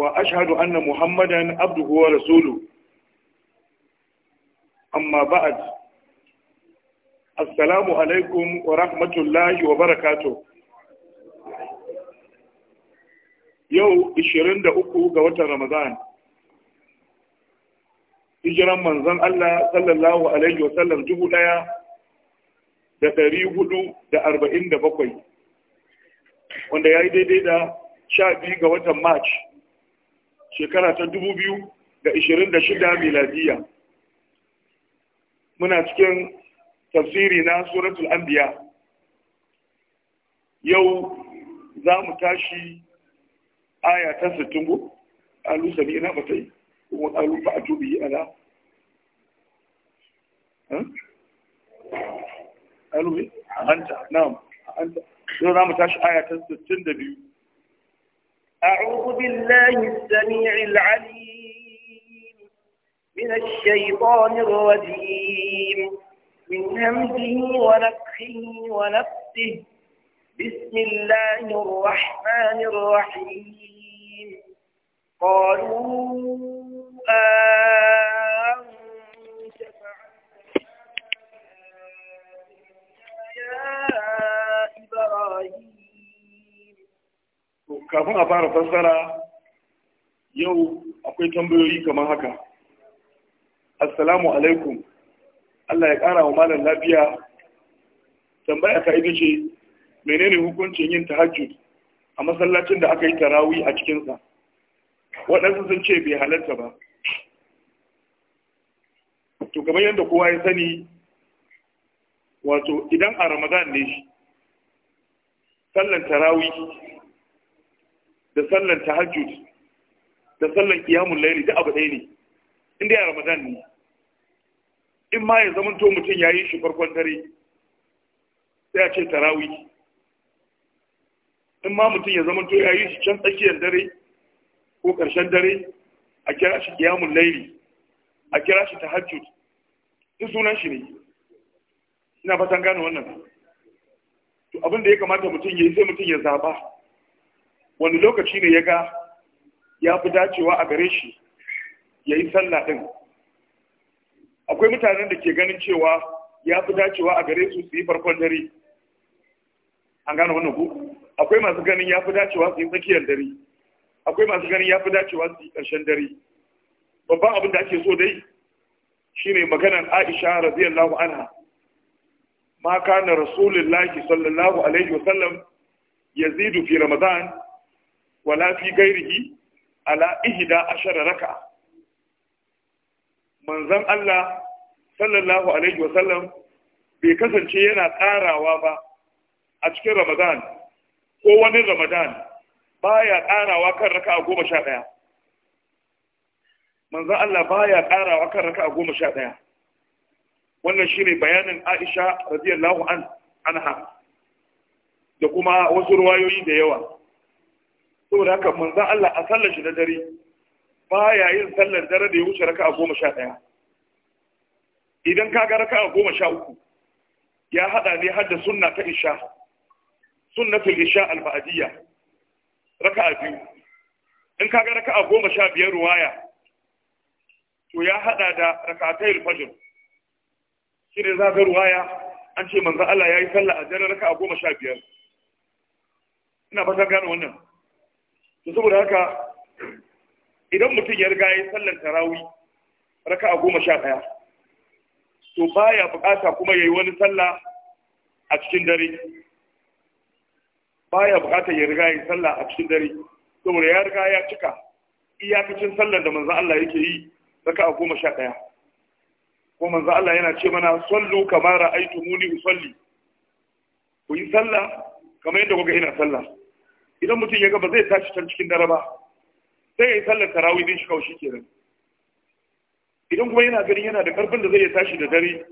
wa ashhadu anna muhammadan abduhu wa rasuluhu amma ba'ad. assalamu alaikum wa rahmatullahi wa barakato. yau 23 ga watan ramadan Ijiran manzon Allah sallallahu alaihi wasallam dubu daya da dari hudu da arba'in da bakwai wanda ya yi daidai da sha biyu ga watan march shekara ta dubu biyu da ishirin da shida miladiya muna cikin tafsiri na suratul anbiya yau za mu tashi aya ta sittin ko alu sami ina ba ta yi kuma alu ba a tubi ala alu ne a hanta na a hanta yau za mu tashi aya ta sittin da biyu أعوذ بالله السميع العليم من الشيطان الرجيم من همزه ونفخه ونفسه بسم الله الرحمن الرحيم قالوا fara fassara yau akwai tambayoyi kamar haka assalamu alaikum Allah ya ƙara wa malam lafiya tambaya ka ita ce menene hukuncin yin tahajjud a masallacin da aka yi tarawi a cikinsa waɗansu sun ce bai halarta ba to kamar yadda kowa ya sani wato idan a ramadan ne sallan tarawi da sallan tahajjud da sallan qiyamul layli da abu ɗaya ne in dai ramadan ne in ma ya zama to mutum yayi shi farkon dare sai a ce tarawi. in ma mutum ya zama to yayi shi can tsakiyar dare ko ƙarshen dare a kira shi qiyamul layli a kira shi tahajjud in sunan shi ne ina fatan gane wannan to abin da ya kamata mutum ya yi sai mutum ya zaba wani lokaci ne ya ga ya fi dacewa a gare shi ya yi sallah ɗin akwai mutanen da ke ganin cewa ya fi dacewa a gare su su yi farkon dare an gane wannan ku akwai masu ganin ya fi dacewa su yi tsakiyar dare akwai masu ganin ya fi dacewa su yi ƙarshen dare babban abin da ake so dai shine maganar aisha radiyallahu anha ma kana rasulullahi sallallahu alaihi wasallam yazidu fi ramadan wala fi gairihi ala إهدى أشر raka من Allah sallallahu alaihi الله bai kasance yana ƙarawa ba a cikin Ramadan ko wani Ramadan baya ƙarawa kan raka goma Allah baya ƙarawa kan raka goma sha ɗaya wannan shine bayanin Aisha radiyallahu anha da kuma wasu ruwayoyi da yawa saboda haka manzon Allah a sallar shi na dare ba ya yin sallar dare da ya wuce raka a goma sha ɗaya idan ka ga raka a goma sha uku ya haɗa ne har sunna ta isha ta isha alba'adiyya, raka a biyu in ka ga raka a goma sha biyar ruwaya to ya haɗa da raka yi fajr shi ne za ga ruwaya an ce manzo Allah ya yi sallah a dare a goma sha biyar ina fatan gane wannan saboda haka idan mutum ya riga ya sallar tarawi raka a goma sha ɗaya to baya bukata kuma ya yi wani sallah a cikin dare baya bukata ya riga ya yi sallah a cikin dare saboda ya riga ya cika iyakacin sallar da manzo Allah yake yi raka a goma sha ɗaya ko manzo Allah yana ce mana sallu kamar ra'aytumuni usalli ku yi sallah kamar yadda kuka ina sallah idan mutum ya ga ba zai tashi can cikin dare ba sai ya yi sallar tarawih din shi kawai shi kenan idan kuma yana gani yana da karfin da zai tashi da dare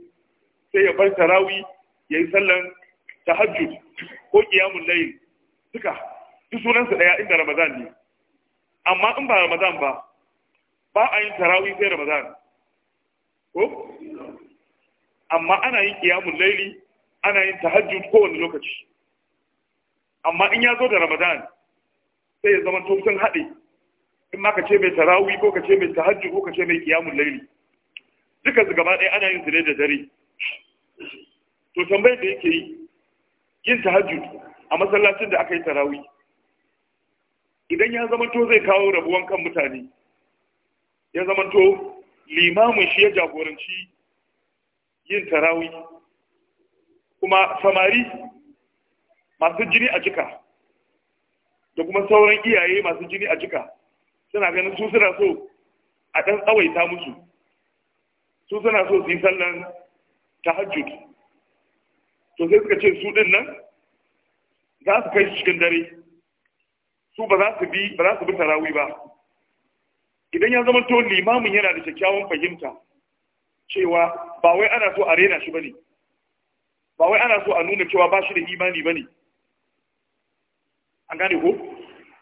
sai ya bar tarawih ya yi sallar tahajjud ko qiyamul layl duka duk sunansa daya inda ramadan ne amma in ba ramadan ba ba a yin tarawih sai ramadan ko amma ana yin qiyamul layli ana yin tahajjud kowane lokaci amma in ya zo da ramadan sai ya zama sun haɗe in ma ka ce mai tarawi ko ka ce mai tahajji ko ka ce mai kiyamun laili duka su gaba ɗaya ana yin su ne da dare to tambayar da yake yi yin tahajjud a masallacin da aka yi tarawi idan ya to zai kawo rabuwan kan mutane ya to limamin shi ya jagoranci yin tarawi kuma samari masu jini a jika da kuma sauran iyaye masu jini a jika suna ganin su suna so a ɗan tsawaita musu su suna so su yi sallan tahajjud to sai suka ce su ɗin nan za su kai su cikin dare su ba za su bi ba za su bi tarawi ba idan ya zama to limamin yana da kyakkyawan fahimta cewa ba wai ana so a rena shi bane ba wai ana so a nuna cewa ba shi da imani bane an gane ko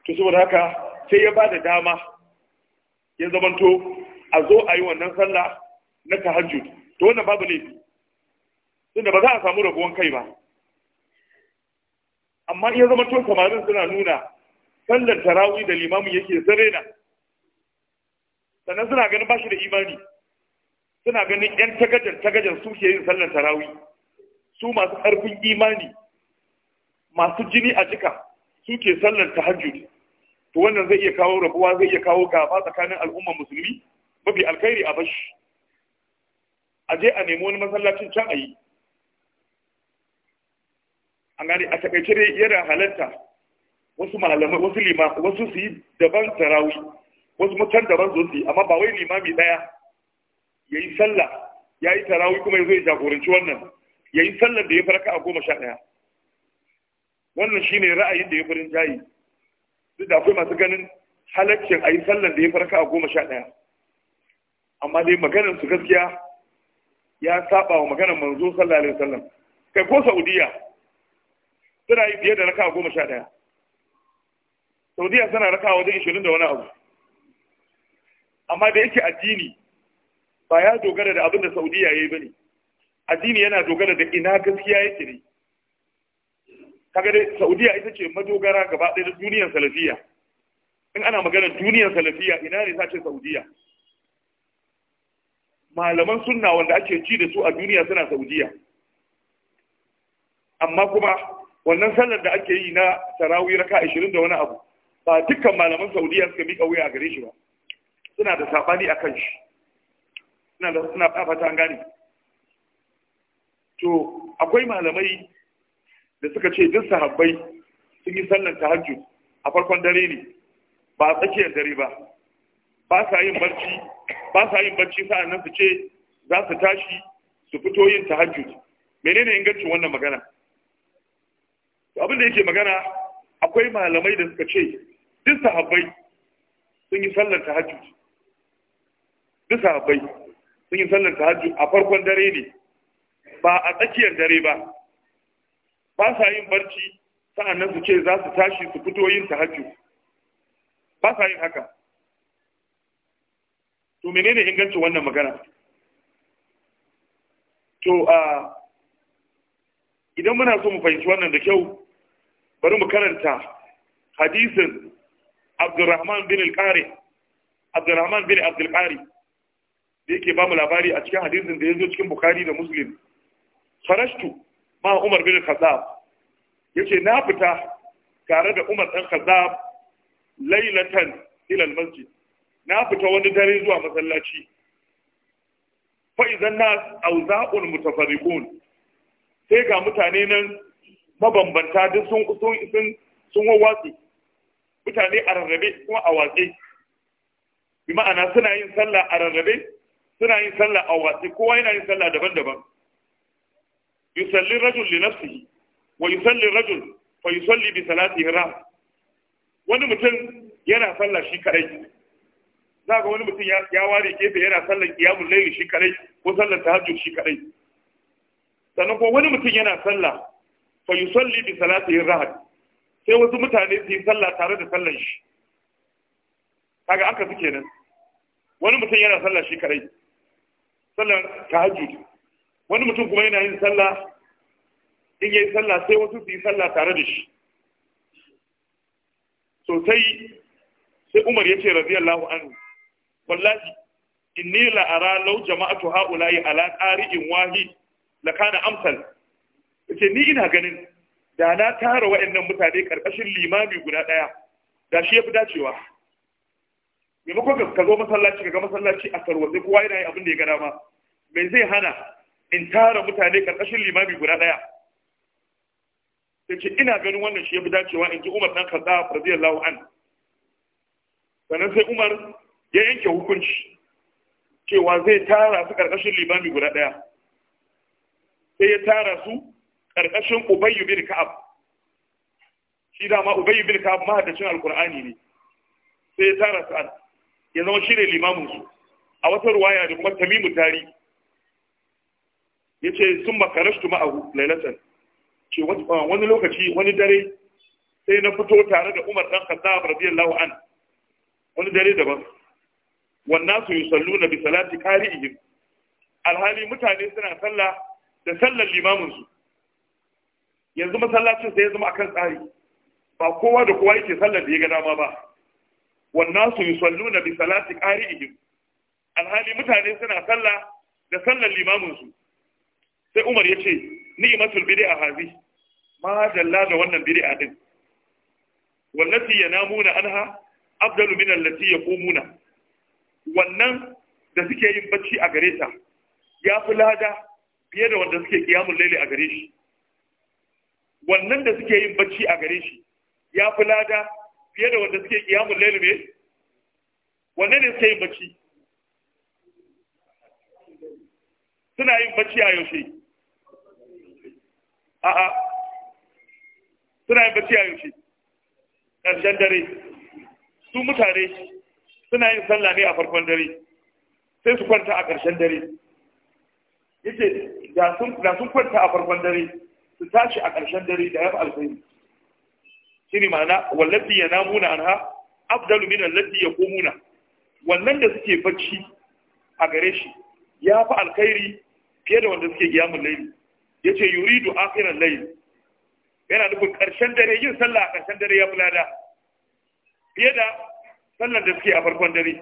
to saboda haka sai ya bada dama ya zamanto a zo a yi wannan sallah na tahajjud to wannan babu laifi tunda ba za a samu rabuwan kai ba amma iya zamanto to samarin suna nuna sallar tarawih da limamin yake na. sannan suna ganin bashi da imani suna ganin yan tagajar tagajar su ke yin sallar tarawih su masu ƙarfin imani masu jini a jika su ke sallar tahajjud to wannan zai iya kawo rabuwa zai iya kawo gaba tsakanin al'umma musulmi mafi alkhairi a bashi a je a nemi wani masallacin can a yi an gani a takaice dai yana halatta wasu malamai wasu lima wasu su yi daban tarawi wasu mutan daban zo su yi amma ba wai limami daya ya yi sallah ya yi tarawi kuma ya zo ya jagoranci wannan ya yi sallar da ya farka a goma sha ɗaya wannan shi ne ra'ayin da ya farin jayi duk da akwai masu ganin halaccin a yi sallar da ya farka a goma sha ɗaya amma dai maganar su gaskiya ya saba wa maganar manzo sallallahu alaihi wasallam kai ko saudiya suna yi fiye da raka goma sha ɗaya saudiya suna raka wajen ishirin da wani abu amma da yake addini ba ya dogara da abin da saudiya ya yi ba ne addini yana dogara da ina gaskiya yake ne kaga dai saudiya ita ce madogara gaba ɗaya da duniyar salafiya in ana maganar duniyar salafiya ina ne sace saudiya malaman sunna wanda ake ci da su a duniya suna saudiya amma kuma wannan sallar da ake yi na sarawi raka 20 da wani abu ba dukkan malaman saudiya suka mika wuya a gare shi ba suna da sabani a kan shi suna da suna fafata an gane to akwai malamai da suka ce duk sahabbai sun yi sallan tahajjud a farkon dare ne ba a tsakiyar dare ba ba sa yin barci ba sa yin barci sa'an nan su ce za su tashi su fito yin tahajjud menene ingancin wannan magana To abin da yake magana akwai malamai da suka ce duk sahabbai sun yi sallar tahajjud duk sahabbai sun yi sallar tahajjud a farkon dare ne ba a tsakiyar dare ba ba sa yin barci sa'annan su ce za su tashi su fito yin tahajju ba sa yin haka to menene ingancin wannan magana to a idan muna so mu fahimci wannan da kyau bari mu karanta hadisin Abdurrahman bin al Abdurrahman bin Abdul da yake ba mu labari a cikin hadisin da ya zo cikin Bukhari da Muslim farashtu ma Umar bin Khattab yace na fita tare da Umar dan Khattab laylatan ila al-masjid na fita wani dare zuwa masallaci fa idan nas awza'un mutafarriqun sai ga mutane nan mabambanta duk sun sun sun wawatsi mutane a rarrabe kuma a watsi bi ma'ana suna yin sallah a rarrabe suna yin sallah a watsi kowa yana yin sallah daban-daban yusalli rajul li nafsihi wa yusalli rajul fa yusalli bi salatihi ra wani mutum yana sallah shi kadai za ka wani mutum ya ware gefe yana sallar qiyamul layl shi kadai ko sallar tahajjud shi kadai sannan ko wani mutum yana sallah fa yusalli bi salatihi ra sai wasu mutane su yi sallah tare da sallar shi kaga aka suke nan wani mutum yana sallah shi kadai sallar tahajjud wani mutum kuma yana yin sallah in yi sallah sai wasu su yi sallah tare da shi sosai sai umar ya ce radiyallahu anhu wallahi inni ara law jama'atu ha'ula'i ala qari'in wahid la kana amsal yace ni ina ganin da na tara wa'annan mutane karkashin limami guda daya da shi yafi dacewa maimakon ka zo masallaci ka ga masallaci a tarwatsi kowa yana yi abin da ya gada ma. me zai hana in tara mutane karkashin limami guda daya sai ina ganin wannan shi ya fi dacewa in ji umar dan kaza radiyallahu an sannan sai umar ya yanke hukunci cewa zai tara su karkashin limami guda daya sai ya tara su karkashin ubayyu bin ka'ab shi dama ubayyu bin ka'ab mahaddacin alkur'ani ne sai ya tara su an ya zama shi ne limamin su a wata ruwaya da kuma tamimu tarihi ya ce sun makarashtu ma'ahu lailatan ce ah, wani lokaci wani dare sai na fito tare da umar ɗan khattab radiyallahu an wani dare daban wannan su na bi salati qari'ihim alhali mutane suna sallah da sallar limamin su yanzu masallacin sai ya zama akan tsari ba kowa da kowa yake sallar da ya ga dama ba wannan su na bi salati qari'ihim alhali mutane suna sallah da sallar limamin su sai umar ya ce ni'matul bid'a hazi ma dalla da wannan bid'a din wallati yanamuna anha afdalu min allati yaqumuna wannan da suke yin bacci a gare ta ya fi lada fiye da wanda suke kiyamun laili a gare shi wannan da suke yin bacci a gare shi ya fi lada fiye da wanda suke kiyamun laili ne wannan ne suke yin bacci suna yin bacci a yaushe a'a suna yin bacci a yaushe ƙarshen dare su mutane suna yin sallah ne a farkon dare sai su kwanta a ƙarshen dare yace da sun kwanta a farkon dare su tashi a ƙarshen dare da ya fi alkhairi shi ne ma'ana wallafi ya namuna an ha abdalu min allafi ya muna. wannan da suke bacci a gare shi ya fi alkhairi fiye da wanda suke giyamun laili yace yuridu akhiral layl yana nufin karshen dare yin sallah a karshen dare ya bulada fiye da sallar da suke a farkon dare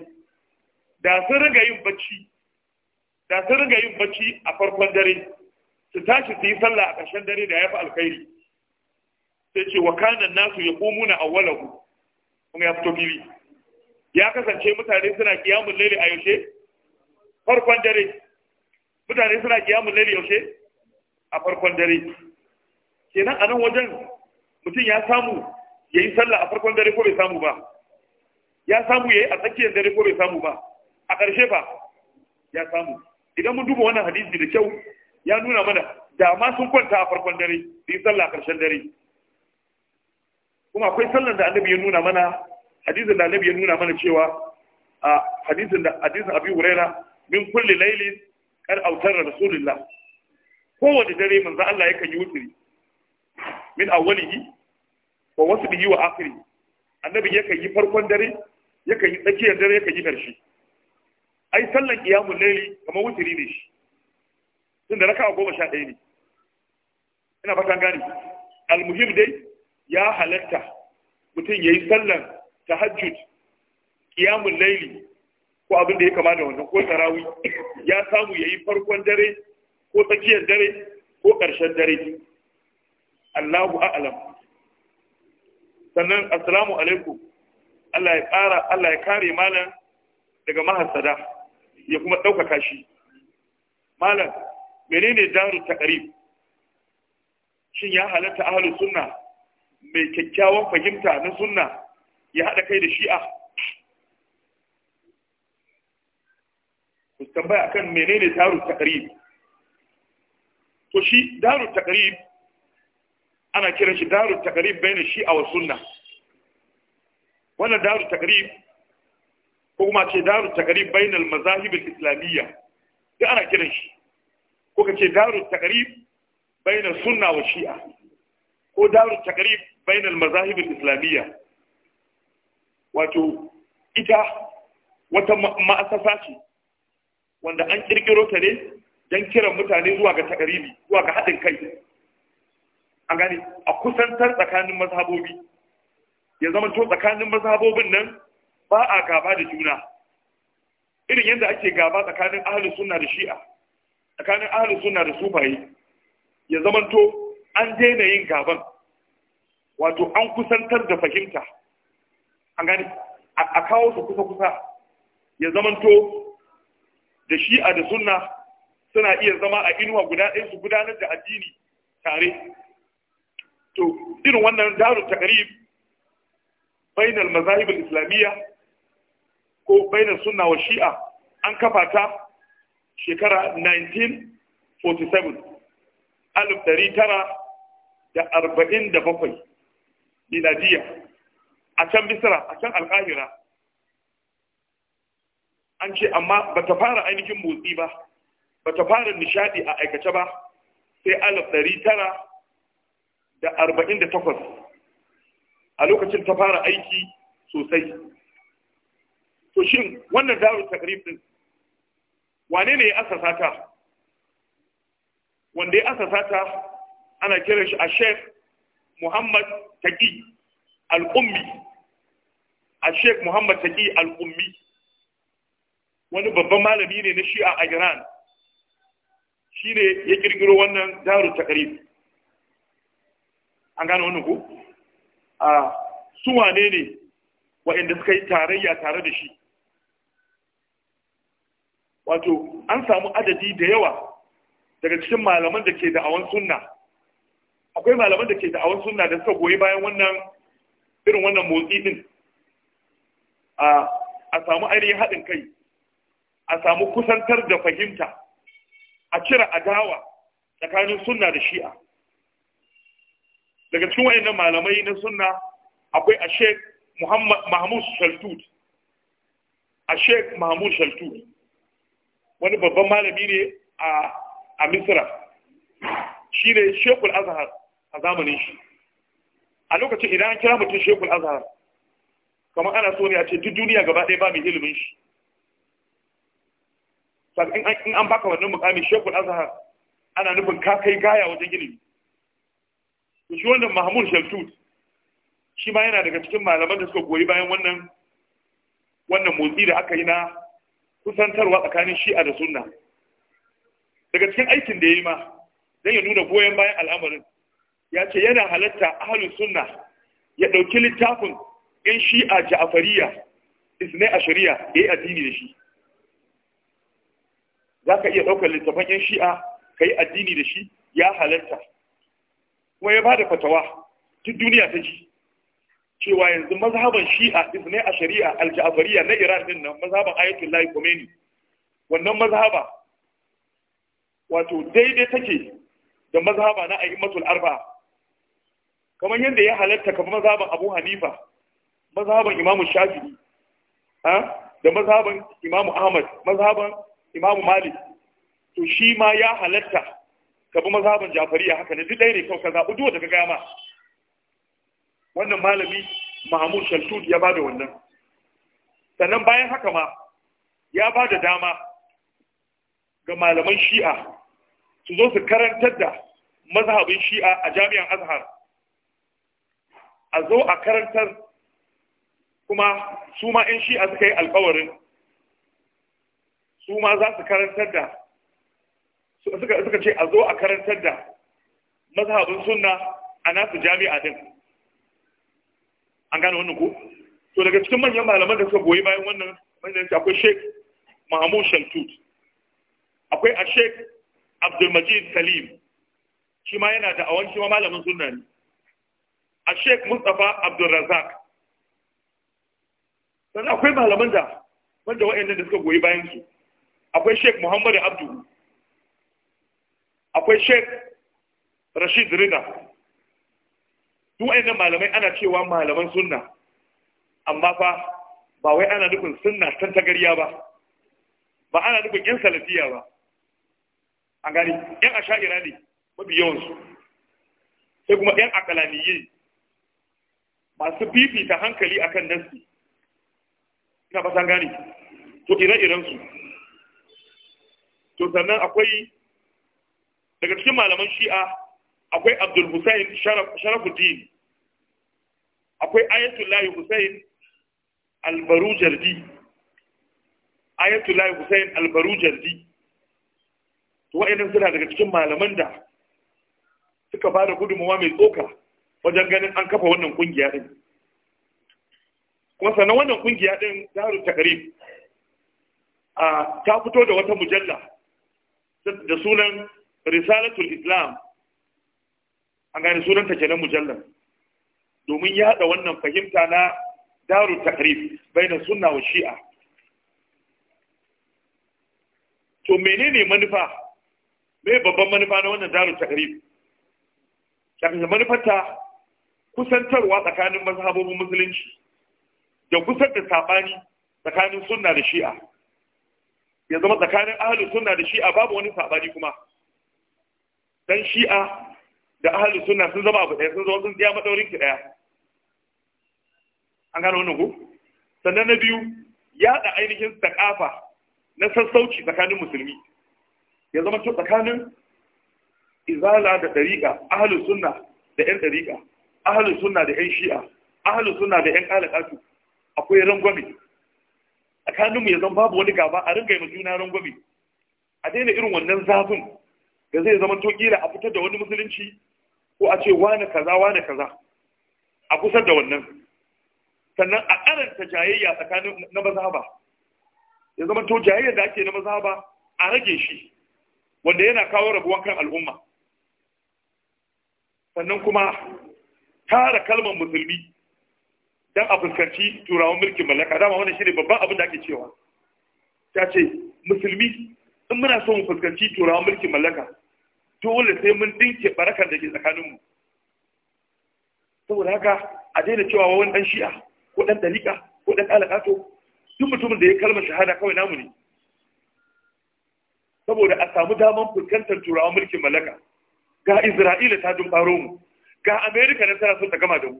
da sun riga yin bacci da sun riga yin bacci a farkon dare su tashi su yi sallah a karshen dare da ya fi alkhairi sai ce wa kanan nasu ya komuna awwalahu kuma ya fito fili ya kasance mutane suna kiyamun laili a yaushe farkon dare mutane suna kiyamun laili yaushe a farkon dare kenan a nan wajen mutum ya samu ya yi sallah a farkon dare ko bai samu ba ya samu ya yi a tsakiyar dare ko bai samu ba a ƙarshe ba ya samu idan mun duba wannan hadisi da kyau ya nuna mana da ma sun kwanta a farkon dare su yi sallah a ƙarshen dare kuma akwai sallar da annabi ya nuna mana hadisin da annabi ya nuna mana cewa a hadisin da hadisin abi huraira min kulli laylin kar autar rasulullah kowane dare manzo Allah yakan yi wuturi min awwalihi wa wasbihi wa akhiri annabi yakan yi farkon dare yakan yi tsakiyar dare yakan yi karshe ai sallan qiyamul layli kamar wuturi ne shi tunda raka'a goma sha ɗaya ne ina fatan gane almuhim dai ya halatta mutum yayi sallan tahajjud qiyamul layli ko abin da ya kama da wannan ko tarawih ya samu yayi farkon dare ko tsakiyar dare ko ƙarshen dare Allahu a'lam sannan assalamu alaikum Allah ya ƙara Allah ya kare malam daga mahasada ya kuma ɗaukaka shi malam menene daru taqrib shin ya halatta ahlus sunna mai kyakkyawan fahimta na sunna ya haɗa kai da shi'a tambaya akan menene daru taqrib to shi daru taqrib ana kiran shi daru taqrib bayin shi'a wa sunna wannan daru taqrib ko kuma ce daru taqrib bayin al-mazahib al-islamiyya duk ana kiran shi ko ka ce daru taqrib bayin sunna wa shi'a ko daru taqrib bayin al-mazahib al-islamiyya wato ita wata ma'asasa ce wanda an kirkiro ta ne don kiran mutane zuwa ga takaribi zuwa ga haɗin kai an gane a kusantar tsakanin mazhabobi ya zama to tsakanin mazhabobin nan ba a gaba da juna irin yadda ake gaba tsakanin ahalin sunna da shi'a tsakanin ahalin sunna da sufaye ya zama to an daina yin gaban wato an kusantar da fahimta an gane a kawo su kusa-kusa ya zama to da shi'a da sunna suna iya zama a inuwa guda ɗaya su gudanar da addini tare to irin wannan daru takarib bainar mazahibin islamiyya ko bainar sunna wa shi'a an kafa ta shekara 1947 alif dari tara da arba'in da bakwai miladiya a can misra a can Alƙahira, an ce amma ba ta fara ainihin motsi ba bata fara nishadi a aikace ba sai alif ɗari tara da arba'in da takwas a lokacin ta fara aiki sosai to shin wannan darul takrif din wane ne ya asasa ta wanda ya asasa ta ana kiran shi a sheikh muhammad taqi al-ummi a sheikh muhammad taqi al-ummi wani babban malami ne na shi'a a iran shine ya kirkiro wannan daru takarif an gano wannan ku a su wane ne wa'inda suka yi tarayya tare da shi wato an samu adadi da yawa daga cikin malaman da ke da'awan sunna akwai malaman da ke da'awan sunna da suka goyi bayan wannan irin wannan motsi din a samu ainihin haɗin kai a samu kusantar da fahimta a cire adawa tsakanin sunna da shi'a daga cikin wayannan malamai na sunna akwai a sheikh mahmud shaltud a sheikh mahmud shaltud wani babban malami ne a a shi ne shekul azhar a zamanin shi a lokacin idan an kira mutum shekul azhar kamar ana so ne a ce duk duniya gaba ɗaya ba mai ilimin shi in an baka wannan mukamin shekul azhar ana nufin ka kai gaya wajen gini. to shi wannan mahmud shaltut shi ma yana daga cikin malaman da suka goyi bayan wannan wannan motsi da aka yi na kusantarwa tsakanin shi'a da sunna daga cikin aikin da ya yi ma dan ya nuna goyon bayan al'amarin ya ce yana halatta ahalin sunna ya ɗauki littafin yan shi'a ja'afariya isnai a shari'a ya yi addini da shi za ka iya ɗaukar littafan yan shi'a ka yi addini da shi ya halarta kuma ya ba da fatawa duk duniya ta ji cewa yanzu mazhaban shi'a isne a shari'a alja'afariya na iran din nan mazhaban ayatullahi khomeini wannan mazhaba wato daidai take da mazhaba na a'immatul arba'a kamar yadda ya halatta kamar mazhaban abu hanifa mazhaban imamu shafi'i da mazhaban imamu ahmad mazhaban imamu malik to shi ma ya halatta ka bi mazhaban jafariya haka ne duk ɗaya ne kawai ka zaɓi duk daga gama wannan malami mahmud shaltud ya bada wannan sannan bayan haka ma ya bada dama ga malaman shi'a su zo su karantar da mazhabin shi'a a jami'an azhar a zo a karantar kuma su ma 'yan shi'a suka yi alkawarin su ma za su karantar da suka ce a zo a karantar da mazhabin sunna a nasu jami'a din an gane wannan ko to daga cikin manyan malaman da suka goyi bayan wannan manyan akwai Sheik mahamud shaltut akwai a Sheik abdulmajid salim shi ma yana da awon shi ma malamin sunna ne a Sheik mustapha abdulrazak sannan akwai malaman da wanda wa'annan da suka goyi bayan su akwai Sheik muhammadu abdu akwai Sheik rashid rida duk wayannan malamai ana cewa malaman sunna amma fa ba wai ana nufin sunna tan tagariya ba ba ana nufin yan salafiya ba an gani yan asha'ira ne mafi yawansu sai kuma yan akalaniye masu fifita hankali akan nasi ina ba san gani to ire-irensu to sannan akwai daga cikin malaman shi'a akwai abdul hussein sharafuddin akwai ayatullahi hussein albaru jardi ayatullahi hussein albaru jardi to suna daga cikin malaman da suka ba da gudunmawa mai tsoka wajen ganin an kafa wannan kungiya din kuma sannan wannan kungiya din daru takarib a ta fito da wata mujalla da sunan risalatul islam an gane sunan ta kenan mujallar domin ya haɗa wannan fahimta na daru takrif bainar sunna wa shi'a to menene manufa me babban manufa na wannan daru takrif kafin manufarta kusantarwa tsakanin mazhabobin musulunci da kusantar da sabani tsakanin sunna da shi'a ya zama tsakanin ahalin suna da shi'a babu wani saɓani kuma ɗan shi'a da ahalin suna sun zama abu ɗaya sun zama sun tsaya maɗaurin ki ɗaya an gano wannan ku? sannan na biyu yaɗa ainihin takafa na sassauci tsakanin musulmi ya zama to tsakanin izala da ɗariƙa ahalin suna da ƴan ɗariƙa ahalin suna da ƴan shi'a ahalin suna da ƴan ƙalaƙatu akwai rangwame mu ya zama babu wani gaba a ringa yi juna rangwame a daina irin wannan zafin da zai zama to kila a fitar da wani musulunci ko a ce wane kaza wane kaza a kusar da wannan sannan a karanta jayayya tsakanin na mazhaba ya zama to jayayya da ake na mazhaba a rage shi wanda yana kawo rabuwan kan al'umma sannan kuma tara kalmar musulmi dan a fuskanci turawan mulkin mallaka dama wannan shine babban abin da ake cewa ta ce musulmi in muna so mu fuskanci turawan mulkin mallaka dole sai mun dinke barakar da ke tsakaninmu saboda haka a daina cewa wani dan shi'a ko dan dalika ko dan alaƙato duk mutumin da ya kalmar shahada kawai namu ne saboda a samu daman fuskantar turawan mulkin mallaka ga isra'ila ta dumfaro mu ga amerika na tana son ta gama da mu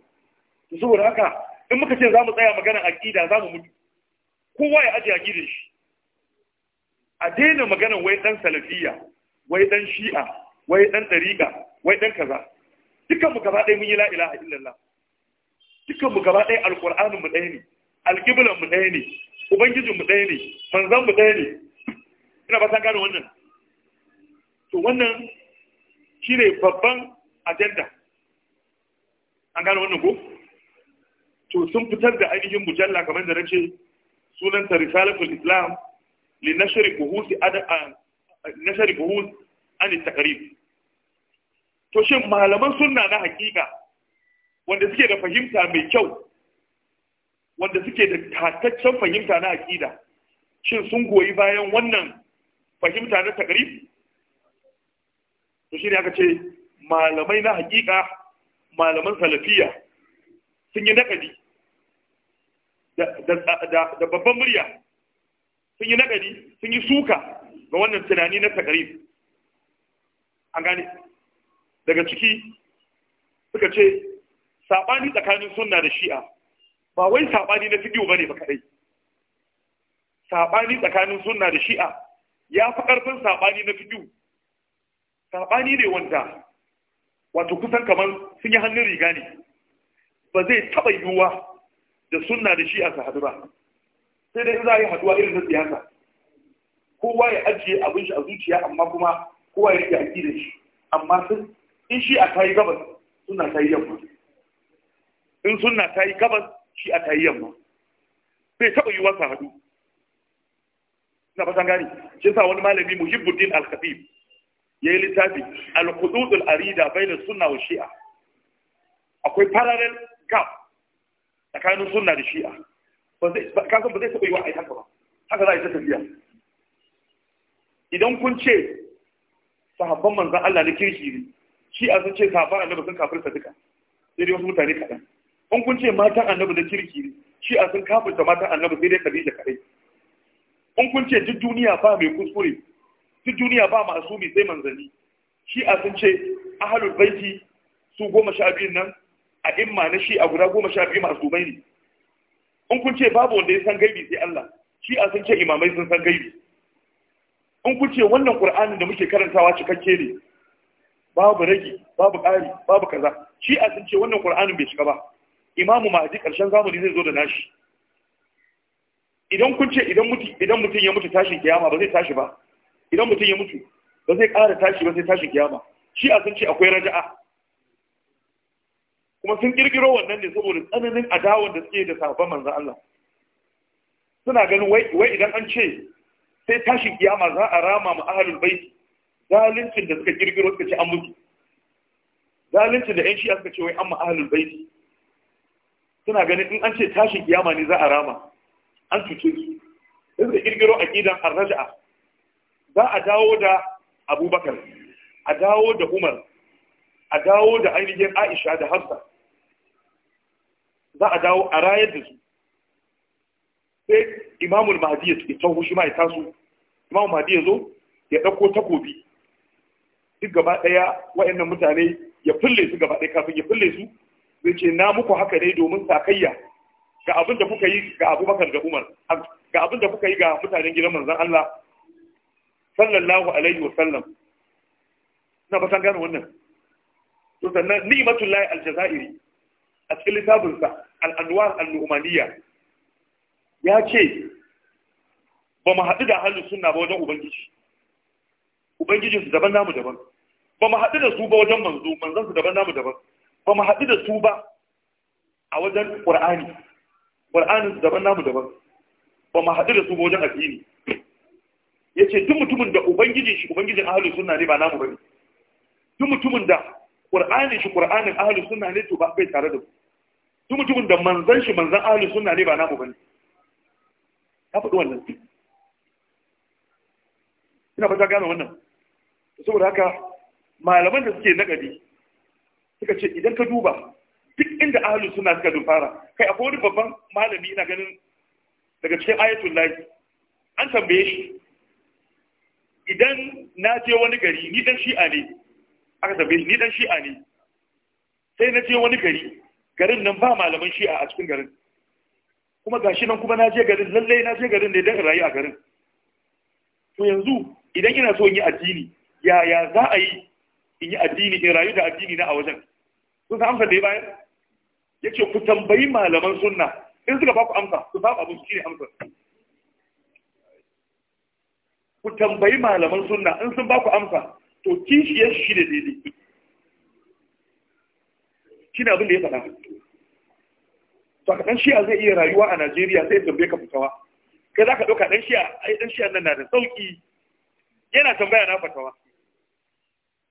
zuwa haka in muka ce za mu tsaya magana ƙida za mu mutu kowa ya ajiye aƙidar shi a daina magana wai ɗan salafiya wai ɗan shi'a wai ɗan ɗariƙa wai ɗan kaza dukkan mu gaba ɗaya mun yi la ilaha illallah dukkan mu gaba ɗaya alƙur'anin mu ɗaya ne alƙiblan mu ɗaya ne ubangijin mu ɗaya ne manzan mu ɗaya ne ina ba san gane wannan to wannan shine babban agenda. an gane wannan ko to sun fitar da ainihin mujalla kamar da na ce sunanta risalatul islam li nashri buhus an nashri buhus an takrib to shin malaman sunna na hakika wanda suke da fahimta mai kyau wanda suke da tataccen fahimta na aqida shin sun goyi bayan wannan fahimta na takrib to shine aka ce malamai na hakika malaman salafiya sun yi nakadi da babban murya sun yi nagari sun yi suka ga wannan tunani na takarif an gane daga ciki suka ce saɓani tsakanin sunna da shi'a ba wai saɓani na fidiyo ba ne ba kaɗai saɓani tsakanin sunna da shi'a ya fi ƙarfin saɓani na fidiyo saɓani ne wanda wato kusan kamar sun yi hannun riga ne ba zai taɓa yiwuwa da sunna da shi a su haduwa ba sai dai za a yi haduwa irin na siyasa kowa ya ajiye abin shi a zuciya amma kuma kowa ya yi aƙi da shi amma sun in shi a tayi gabas suna tayi yamma in suna tayi gabas shi a tayi yamma bai taɓa yiwuwa su hadu. na fatan gani shi sa wani malami muhibbuddin al-khatib yayi littafi al-hudud arida bayna sunna wa shi'a akwai parallel gap tsakanin sunna da shi'a kasan ba zai taɓa yi wa a yi haka ba haka za a yi ta tafiya idan kun ce sahabban manzan Allah na kirki ne shi'a sun ce sahabban annabi sun kafirta duka sai dai wasu mutane kaɗan in kun ce matan annabi na kirki ne shi'a sun kafirta matan annabi sai dai da kaɗai in kun ce duk duniya ba mai kuskure duk duniya ba masumi sai manzanni shi'a sun ce ahalul baiti su goma sha biyun nan a imma na shi a guda goma sha biyu masu ne in kun ce babu wanda ya san gaibi sai Allah shi a sun ce imamai sun san gaibi in kun ce wannan qur'anin da muke karantawa cikakke ne babu rage babu ƙari babu kaza shi a sun ce wannan qur'anin bai cika ba imamu mahdi karshen zamani zai zo da nashi idan kun ce idan mutu idan mutum ya mutu tashin kiyama ba zai tashi ba idan mutum ya mutu ba zai ƙara tashi ba sai tashin kiyama shi a sun ce akwai raja'a kuma sun kirkiro wannan ne saboda tsananin adawan da suke da sabon manzon Allah suna ganin wai idan an ce sai tashin kiyama za a rama mu ahlul baiti zalincin da suka kirkiro suka ce an mutu zalincin da yan shi'a suka ce wai an mu ahlul baiti suna ganin in an ce tashin kiyama ne za a rama an cuce su sai suka kirkiro aqidan ar-raj'a za a dawo da Abubakar a dawo da Umar a dawo da ainihin Aisha da Hafsa za a dawo a rayar da su sai imamul mahdi ya tauhu shi ma ya taso imamul mahdi ya zo ya ɗauko takobi duk gaba ɗaya wa'annan mutane ya fulle su gaba ɗaya kafin ya fulle su zai ce na muku haka ne domin sakayya ga abin da kuka yi ga abubakar da umar ga abin da kuka yi ga mutanen gidan manzon Allah sallallahu alaihi wa sallam ina ba san gano wannan to sannan ni'matul lahi aljazairi a cikin littafinsa al'anwar al'umaniya ya ce ba mu haɗu da halin suna ba wajen ubangiji ubangijinsu daban namu daban ba mu haɗu da su ba wajen manzo manzansu daban namu daban ba mu haɗu da su ba a wajen ƙur'ani ƙur'aninsu daban namu daban ba mu haɗu da su ba wajen addini ya ce duk mutumin da ubangijin shi ubangijin ahalin suna ne ba namu ba ne duk mutumin da ƙur'anin shi ƙur'anin ahalin suna ne to ba bai tare da ku duk mutumin da manzan shi manzan ahalin suna ne ba namu bane ta faɗi wannan ina fata gane wannan saboda haka malaman da suke nagari suka ce idan ka duba duk inda ahalin suna suka dumfara kai akwai wani babban malami ina ganin daga cikin ayatul lahi an tambaye shi idan na je wani gari ni dan shi'a ne aka tambaye shi ni dan shi'a ne sai na je wani gari garin nan ba malaman shi'a a cikin garin kuma gashi nan kuma na je garin lallai na je garin da don rayu a garin to yanzu idan ina so in yi addini yaya za a yi in yi addini in rayu da addini na a wajen Sun san amsa da ya bayar ya ce ku tambayi malaman sunna in suka ba ku amsa ku ba abin shi ne amsa ku tambayi malaman sunna in sun ba ku amsa to kishiyar shi ne daidai shi ne abin da ya faɗa to a ɗan shiya zai iya rayuwa a najeriya sai tambaye ka fitawa kai za ka ɗauka ɗan shiya ai ɗan shiya nan na da sauƙi yana tambaya na fatawa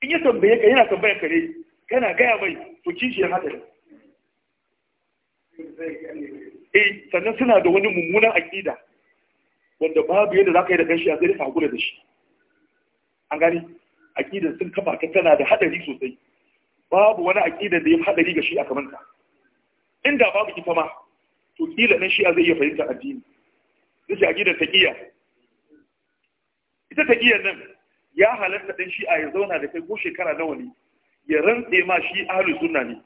in ya tambaye ka yana tambayar ka ne kana gaya mai to kishi ya haɗa eh sannan suna da wani mummunan aƙida wanda babu yadda za ka yi da ɗan shiya sai dai ka hakura da shi an gani aƙidar sun kafa ta tana da haɗari sosai babu wani aƙida da ya haɗari ga shi a kamanta inda babu ita ma to kila nan shi'a zai iya fahimta addini zai ce aƙidar taƙiyya ita taƙiyyar nan ya halarta ɗan shi'a ya zauna da kai ko shekara nawa ne ya rantse ma shi ahlus sunna ne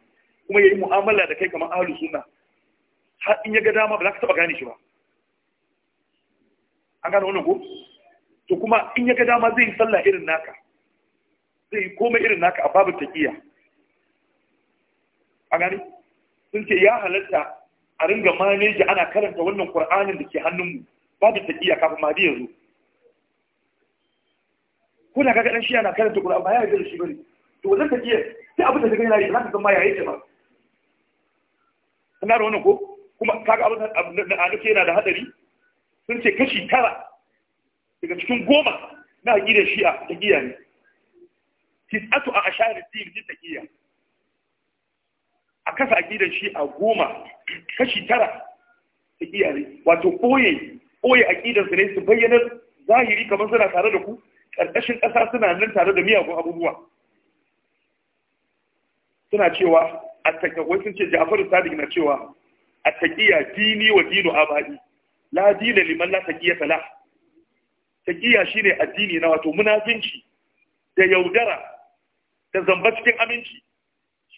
kuma ya yi mu'amala da kai kamar ahlus sunna har in ya ga dama ba za ka taɓa gane shi ba an gane wannan ko to kuma in ya ga dama zai yi sallah irin naka zai yi komai irin naka a babin taƙiyya a gani sun ce ya halatta a ringa maneji ana karanta wannan qur'anin da ke hannunmu babu tafiya kafin ma ya ko da kaga dan shi ana karanta qur'ani ba ya yarda da shi bane to wannan tafiya sai abin da kaga yana yi za zaka san ma ya yake ba kana da wannan ko kuma kaga abin da alƙe yana da hadari sun ce kashi tara daga cikin goma na haƙi da shi'a taqiya ne tis'atu a ashari din taqiya a kasa aƙidar shi a goma kashi tara ta iyare wato ɓoye ɓoye su ne su bayyana zahiri kamar suna tare da ku ƙarƙashin ƙasa suna nan tare da miyagun abubuwa suna cewa a wai sun ce ja'faru sadiq na cewa a taƙiya dini wa a abai la dina liman la taqiya tala taqiya shine addini na wato munafinci da yaudara da zamba cikin aminci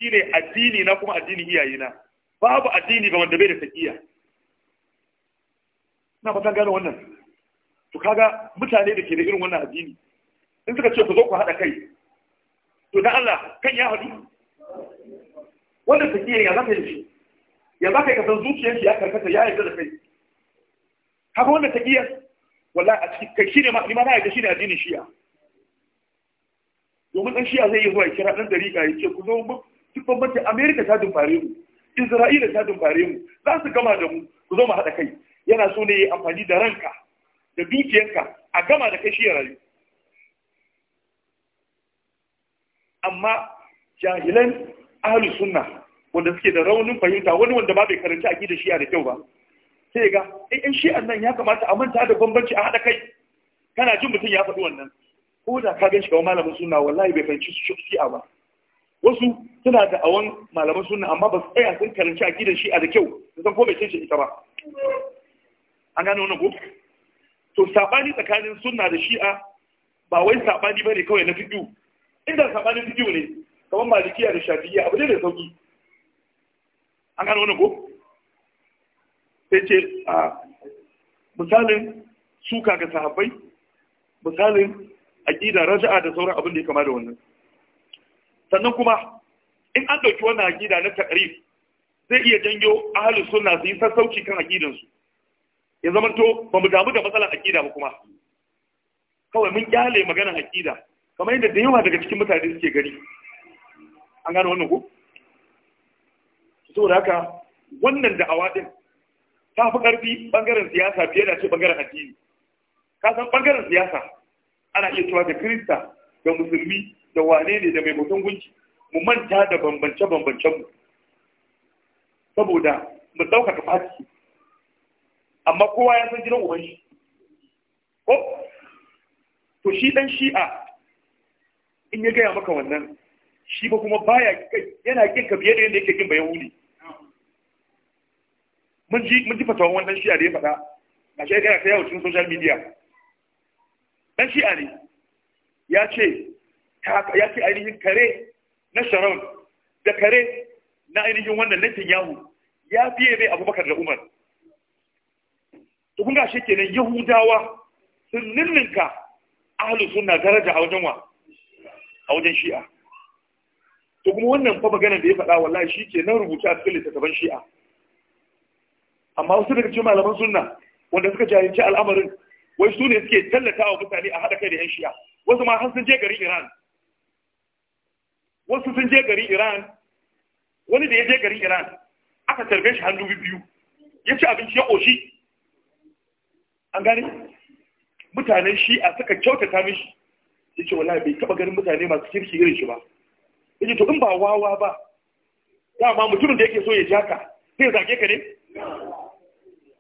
shine addini na kuma iyaye na babu addini ga wanda bai da taqiya na fatan gano wannan to kaga mutane da ke da irin wannan addini in suka ce ku zo ku haɗa kai to dan Allah kan ya haɗu wanda taqiya ya zaka yi shi ya zaka ka san zuciyar shi ya karkata ya yarda da kai kaga wanda taqiya wallahi a cikin kai shine ma ni ma na yarda shine addinin shi ya domin dan shi'a zai yi zuwa kira dan dariƙa ya ce ku zo duk bambancin amerika ta dumfare mu isra'ila ta dumfare mu za su gama da mu ku zo mu haɗa kai yana so ne amfani da ranka da dukiyanka a gama da kai shi ya rayu amma jahilan ahlus sunna wanda suke da raunin fahimta wani wanda ba bai karanci gida shi'a da kyau ba sai ga in eh, shi'an nan ya kamata a manta da bambanci a haɗa kai kana jin mutum ya faɗi wannan ko da ka gan shi ga malamin suna, wallahi bai fahimci shi'a ba wasu suna da awon malaman suna amma ba su tsaya sun karanci a gidan shi'a da kyau da san kome bai ita ba an gano wani ko to sabani tsakanin sunna da shi'a ba wai sabani bane kawai na fito. inda sabanin fito ne kamar malikiya da shafiya abu ne da sauki an gano wani ko sai ce a misalin suka ga sahabbai misalin aqida raja'a da sauran abin da ya kama da wannan sannan kuma in an ɗauki wannan aƙida na taƙarif zai iya janyo halin suna su yi sassauci kan aƙidansu ya zama to ba damu da matsalar aƙida ba kuma kawai mun kyale maganar aƙida kamar yadda da yawa daga cikin mutane suke gani an gano wannan ko saboda haka wannan da'awa din ta fi ƙarfi ɓangaren siyasa fiye da ce ɓangaren addini ka san ɓangaren siyasa ana iya cewa da kirista da musulmi da wane ne da mai bautan gunci mu manta da bambance bambancen mu saboda mu ta fati amma kowa ya san jiran uban shi ko to shi dan shi'a in ya gaya maka wannan shi ba kuma baya yana kin ka biye da yadda yake kin yahudi mun ji mun ji fatawan wannan shi'a da ya faɗa ga shi ga ta yawo cikin social media dan shi'a ne ya ce ya fi ainihin kare na sharon da kare na ainihin wannan nakin yahu ya fiye mai abubakar da umar shi ke kenan yahudawa sun nirninka ahalu suna daraja a wajen wa a wajen shi'a to kuma wannan fa magana da ya faɗa wallahi shi ke nan rubuta a cikin littattafan shi'a amma wasu daga cikin malaman sunna wanda suka jahilci al'amarin wai su ne suke tallata wa mutane a haɗa kai da 'yan shi'a wasu ma har sun je garin iran wasu sun je gari iran wani da ya je gari iran aka tarbe shi hannu biyu ya ci abinci ya ƙoshi an gane mutanen shi a suka kyautata mishi ya ce wala bai taɓa ganin mutane masu kirki irin shi ba ya ce to in ba wawa ba dama mutumin da yake so ya jaka ya zage ka ne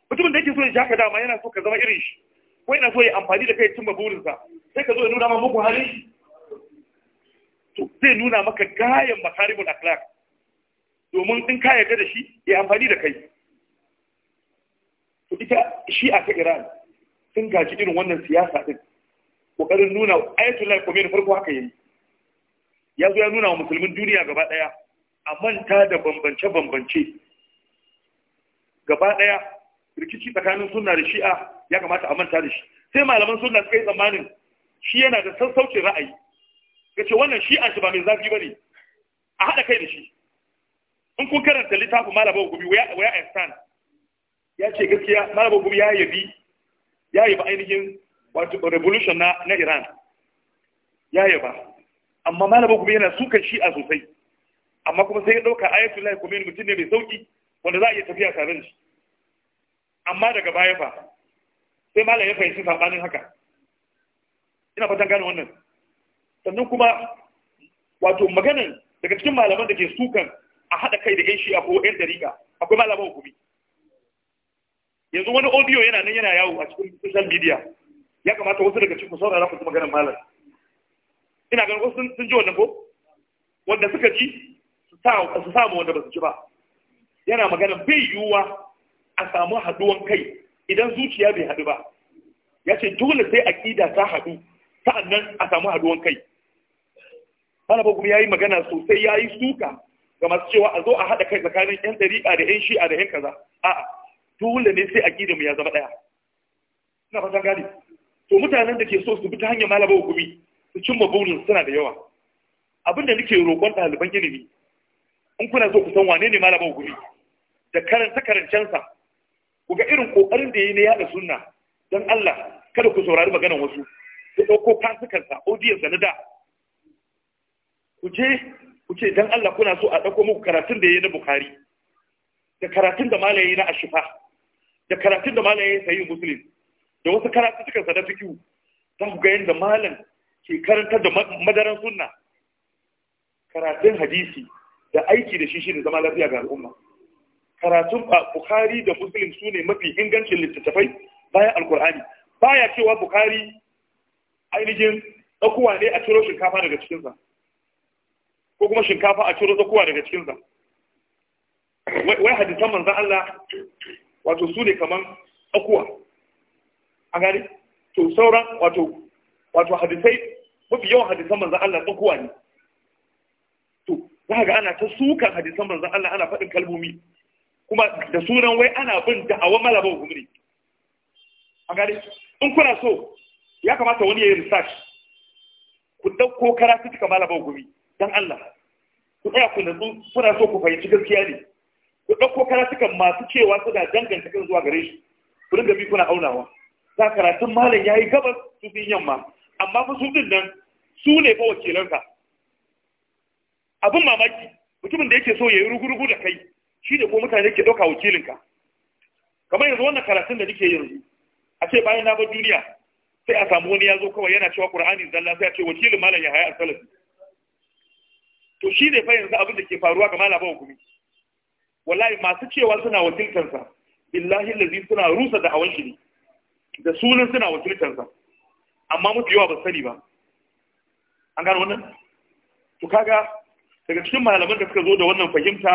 mutumin da yake so ya jaka dama yana so ka zama irin shi ko yana so ya amfani da kai cimma burinsa sai ka zo ya nuna ma muku halin shi to zai nuna maka gayan makarimul akhlaq domin in ka yarda da shi ya amfani da kai to ita shi a ta Iran sun gaji irin wannan siyasa din kokarin nuna ayatollah Khomeini farko haka yayi ya zo ya nuna wa musulmin duniya gaba daya a manta da bambance bambance gaba daya rikici tsakanin sunna da shi'a ya kamata a manta da shi sai malaman sunna suka yi tsammanin shi yana da sassaucin ra'ayi ya ce wannan shi an shi ba mai zafi ba ne a haɗa kai da shi in kun karanta littafin malabar gumi waya einstein ya ce gaskiya malabar gumi ya yabi ya yabi ainihin wato revolution na na iran ya yaba amma malabar gumi yana sukan shi'a sosai amma kuma sai ya ɗauka lahi kuma mutum ne mai sauki wanda za a iya tafiya tare da shi amma daga baya fa sai malam ya fahimci sabanin haka ina fatan gane wannan sannan kuma wato maganan daga cikin malaman da ke sukan a haɗa kai da 'yan shi'a ko 'yan dariƙa akwai malaman hukumi yanzu wani audio yana nan yana yawo a cikin social media ya kamata wasu daga cikin saurara ku maganar malam ina ganin wasu sun ji wannan ko wanda suka ji su samu wanda ba su ji ba yana magana bai yiwuwa a samu haduwan kai idan zuciya bai haɗu ba ya ce dole sai aƙida ta haɗu sa'annan a samu haduwan kai malaba kuma yi magana sosai ya yi suka ga masu cewa a zo a haɗa kai tsakanin yan ɗariƙa da yan shi'a da yan kaza a'a dole ne sai a ƙi da mu ya zama ɗaya ina fatan gane to mutanen da ke so su bi ta hanyar malaba gumi su cimma burin suna da yawa abinda nake roƙon ɗaliban ilimi in kuna so ku san wane ne malaba gumi? da karanta karancensa ku ga irin ƙoƙarin da ya yi na yaɗa sunna don Allah kada ku saurari maganar wasu ku ɗauko fasikansa audiyansa na da ku je ce dan Allah kuna so a dauko muku karatun da yayi na Bukhari da karatun da malai yayi na Ashifa da karatun da malai yayi Sahih Muslim da wasu karatu suka sa da fikihu ga yanda malam ke karanta da madaran sunna karatun hadisi da aiki da shi da zama lafiya ga al'umma karatun Bukhari da Muslim su ne mafi ingancin littattafai bayan Alkur'ani baya cewa Bukhari ainihin ɗauko ne a ciro shinkafa daga cikinsa ko kuma shinkafa a ciro tsakuwa daga cikinsa wai hadisan manzan Allah wato su ne kaman tsakuwa a gani to sauran wato wato hadisai mafi yawan hadisan manzan Allah tsakuwa ne to za ga ana ta sukan hadisan manzan Allah ana faɗin kalmomi kuma da sunan wai ana bin da'awan gumi ne. a gani in kuna so ya kamata wani ya yi research ku ɗauko karatu cika malaman gumi dan Allah ku tsaya ku nutsu kuna so ku fahimci gaskiya ne ku ɗauko karatukan masu cewa suna danganta kan zuwa gare shi ku dinga bi kuna aunawa za karatun malam ya yi gabas su fi yamma amma fa su din nan su ne fa wakilansa abin mamaki mutumin da yake so ya yi rugurugu da kai shi ne ko mutane ke ɗauka wakilinka kamar yanzu wannan karatun da nake yanzu a ce bayan na bar duniya sai a samu wani ya zo kawai yana cewa ƙur'ani zalla sai a ce wakilin malam ya haya salafi to shi ne fa yanzu abin da ke faruwa ga malaba hukumi wallahi masu cewa suna wakiltarsa billahi lazi suna rusa da hawan shi ne da sunan suna wakiltarsa amma mutu yawa ba sani ba an gano wannan to kaga daga cikin malaman da suka zo da wannan fahimta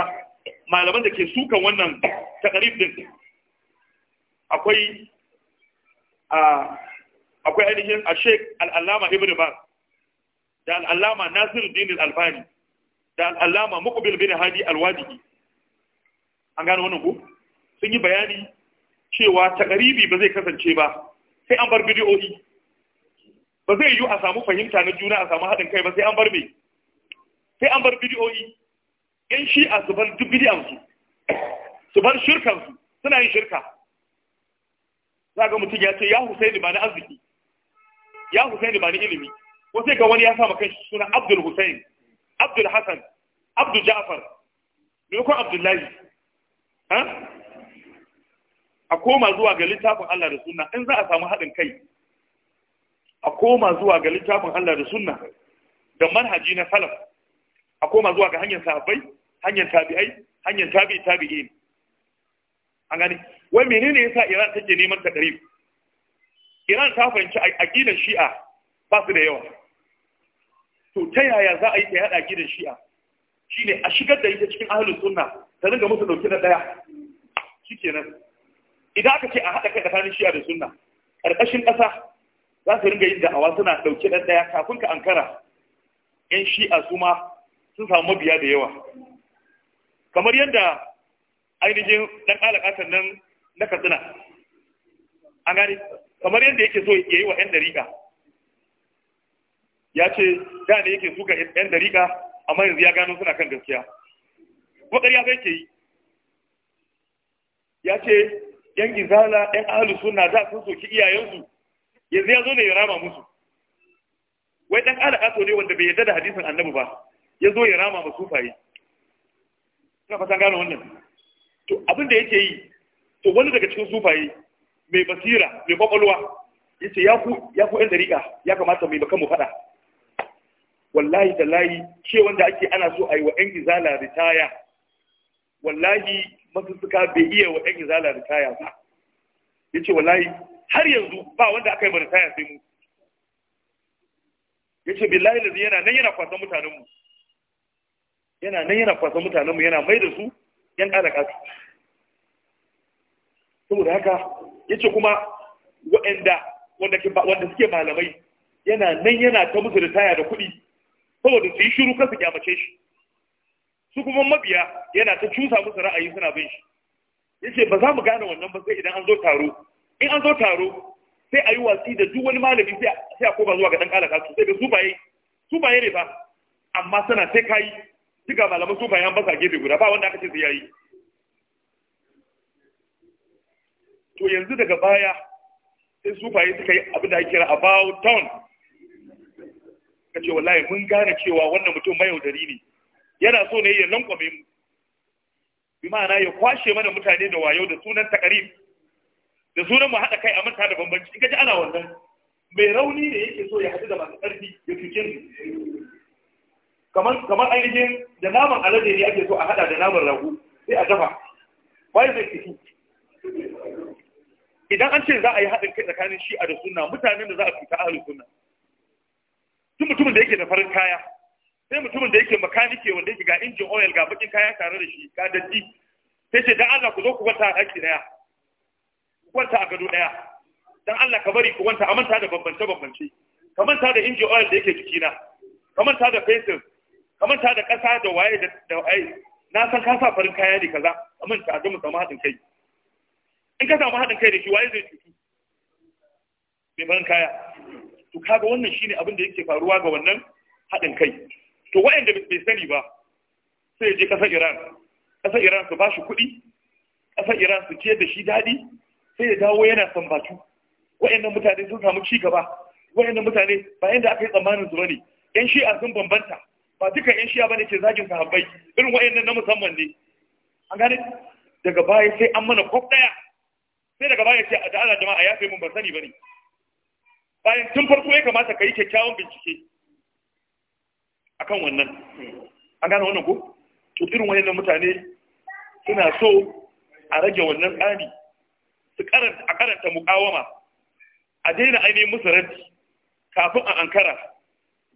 malaman da ke sukan wannan takarif din akwai a akwai ainihin a sheik al'allama ibn bas da al'allama nasiru dinin albani da al'allama muqbil bin hadi alwadihi an gano wannan ko sun yi bayani cewa takaribi ba zai kasance ba sai an bar bidiyoyi ba zai yiwu a samu fahimta na juna a samu haɗin kai ba sai an bar me sai an bar bidiyoyi yan shi a su duk bidiyansu su bar shirkansu suna yin shirka za ga mutum ya ce ya husaini ba na arziki ya husaini ba na ilimi ko sai ga wani ya sa kan suna abdul husaini الحسن عبد جعفر ja'far عبد abdullahi a koma zuwa ga littafin Allah da sunna in za a samu haɗin kai a koma zuwa ga littafin Allah da sunna da manhaji na salaf a koma zuwa ga hanyar sahabbai hanyar tabi'ai hanyar tabi'i tabi'in an gani wai menene yasa Iran take neman ta Iran ta fahimci aqidar Shi'a ba su da yawa to ta yaya za a yi ta yada gidan shi'a Shi ne a shigar da ita cikin ahalin sunna ta zanga musu dauki na daya kenan, idan aka ce a haɗa kai tsakanin shi'a da sunna karkashin kasa za su ringa yin da'awa suna dauki ɗan daya kafin ka ankara yan shi'a su ma sun samu mabiya da yawa kamar yadda ainihin dan alakatan nan na katsina an gani kamar yadda yake so ya yi wa yan dariƙa ya ce da ne yake suka yan dariƙa amma yanzu ya gano suna kan gaskiya ko ƙarya zai ke yi ya ce yan gizala yan ahalu suna da sun soki iyayensu yanzu ya zo ne ya rama musu wai ɗan alaƙa ne wanda bai yarda da hadisin annabi ba ya zo ya rama masu fari suna fatan gano wannan to abin da yake yi to wani daga cikin sufaye mai basira mai kwakwalwa ya ce ya ku yan dariƙa ya kamata mai baka mu faɗa wallahi da layi ce wanda ake ana so a yi wa 'yan izala ritaya wallahi masussuka bai iya wa 'yan izala ritaya ba ya ce wallahi har yanzu ba wanda aka yi ba ritaya sai mu ya ce billahi da yana nan yana kwasan mutanenmu yana nan yana kwasan mutanenmu yana mai da su yan ɗalaka su saboda haka ya ce kuma waɗanda wanda suke malamai yana nan yana ta musu ritaya da kuɗi saboda su yi shiru kan su kyamace shi su kuma mabiya yana ta cusa musu ra'ayi suna bin shi ce ba za mu gane wannan ba sai idan an zo taro in an zo taro sai a yi watsi da duk wani malami sai a koma zuwa ga dan kalaka kasu sai da su baye ne ba, amma suna sai kayi duka malaman su baye an basa gefe guda ba wanda aka ce su yayi to yanzu daga baya sai su suka yi abin da ake kira about town ka ce wallahi mun gane cewa wannan mutum mayaudari ne yana so ne ya lankwame mu bi ma'ana ya kwashe mana mutane da wayo da sunan takarif da sunan mu haɗa kai a manta da bambanci in ka ji ana wannan mai rauni ne yake so ya haɗu da masu ƙarfi ya cuce su kamar kamar ainihin da naman alade ne ake so a haɗa da naman rago sai a dafa wai zai fito idan an ce za a yi haɗin kai tsakanin shi'a da sunna mutanen da za a fita ahlus sunna duk mutumin da yake da farin kaya sai mutumin da yake makanike wanda yake ga injin oil ga bakin kaya tare da shi ga datti sai ce dan Allah ku zo ku kwanta a ɗaki ɗaya ku kwanta a gado ɗaya dan Allah ka bari ku kwanta a manta da bambance bambance ka manta da injin oil da yake jikina ka manta da fesil ka manta da ƙasa da waye da ai na san ka sa farin kaya ne kaza a manta a mu samu haɗin kai in ka samu haɗin kai da shi waye zai cutu mai farin kaya to kaga wannan shine abin da yake faruwa ga wannan haɗin kai to wa'anda bai sani ba sai je ƙasar iran ƙasar iran su ba shi kuɗi ƙasar iran su ce da shi daɗi sai ya dawo yana sambatu wa'annan mutane sun samu ci gaba wa'annan mutane ba yadda aka yi tsammanin su bane yan shi'a sun bambanta ba duka yan shi'a bane ke zagin sahabbai irin wa'annan na musamman ne an gane daga baya sai an mana kwaf ɗaya sai daga baya sai da Allah jama'a ya fi mun ban sani bane bayan tun farko ya kamata ka yi kyakkyawan bincike akan wannan an gane wannan ko to irin wayannan mutane suna so a rage wannan tsari su karanta a karanta mukawama a daina ainihin musu rabi kafin a ankara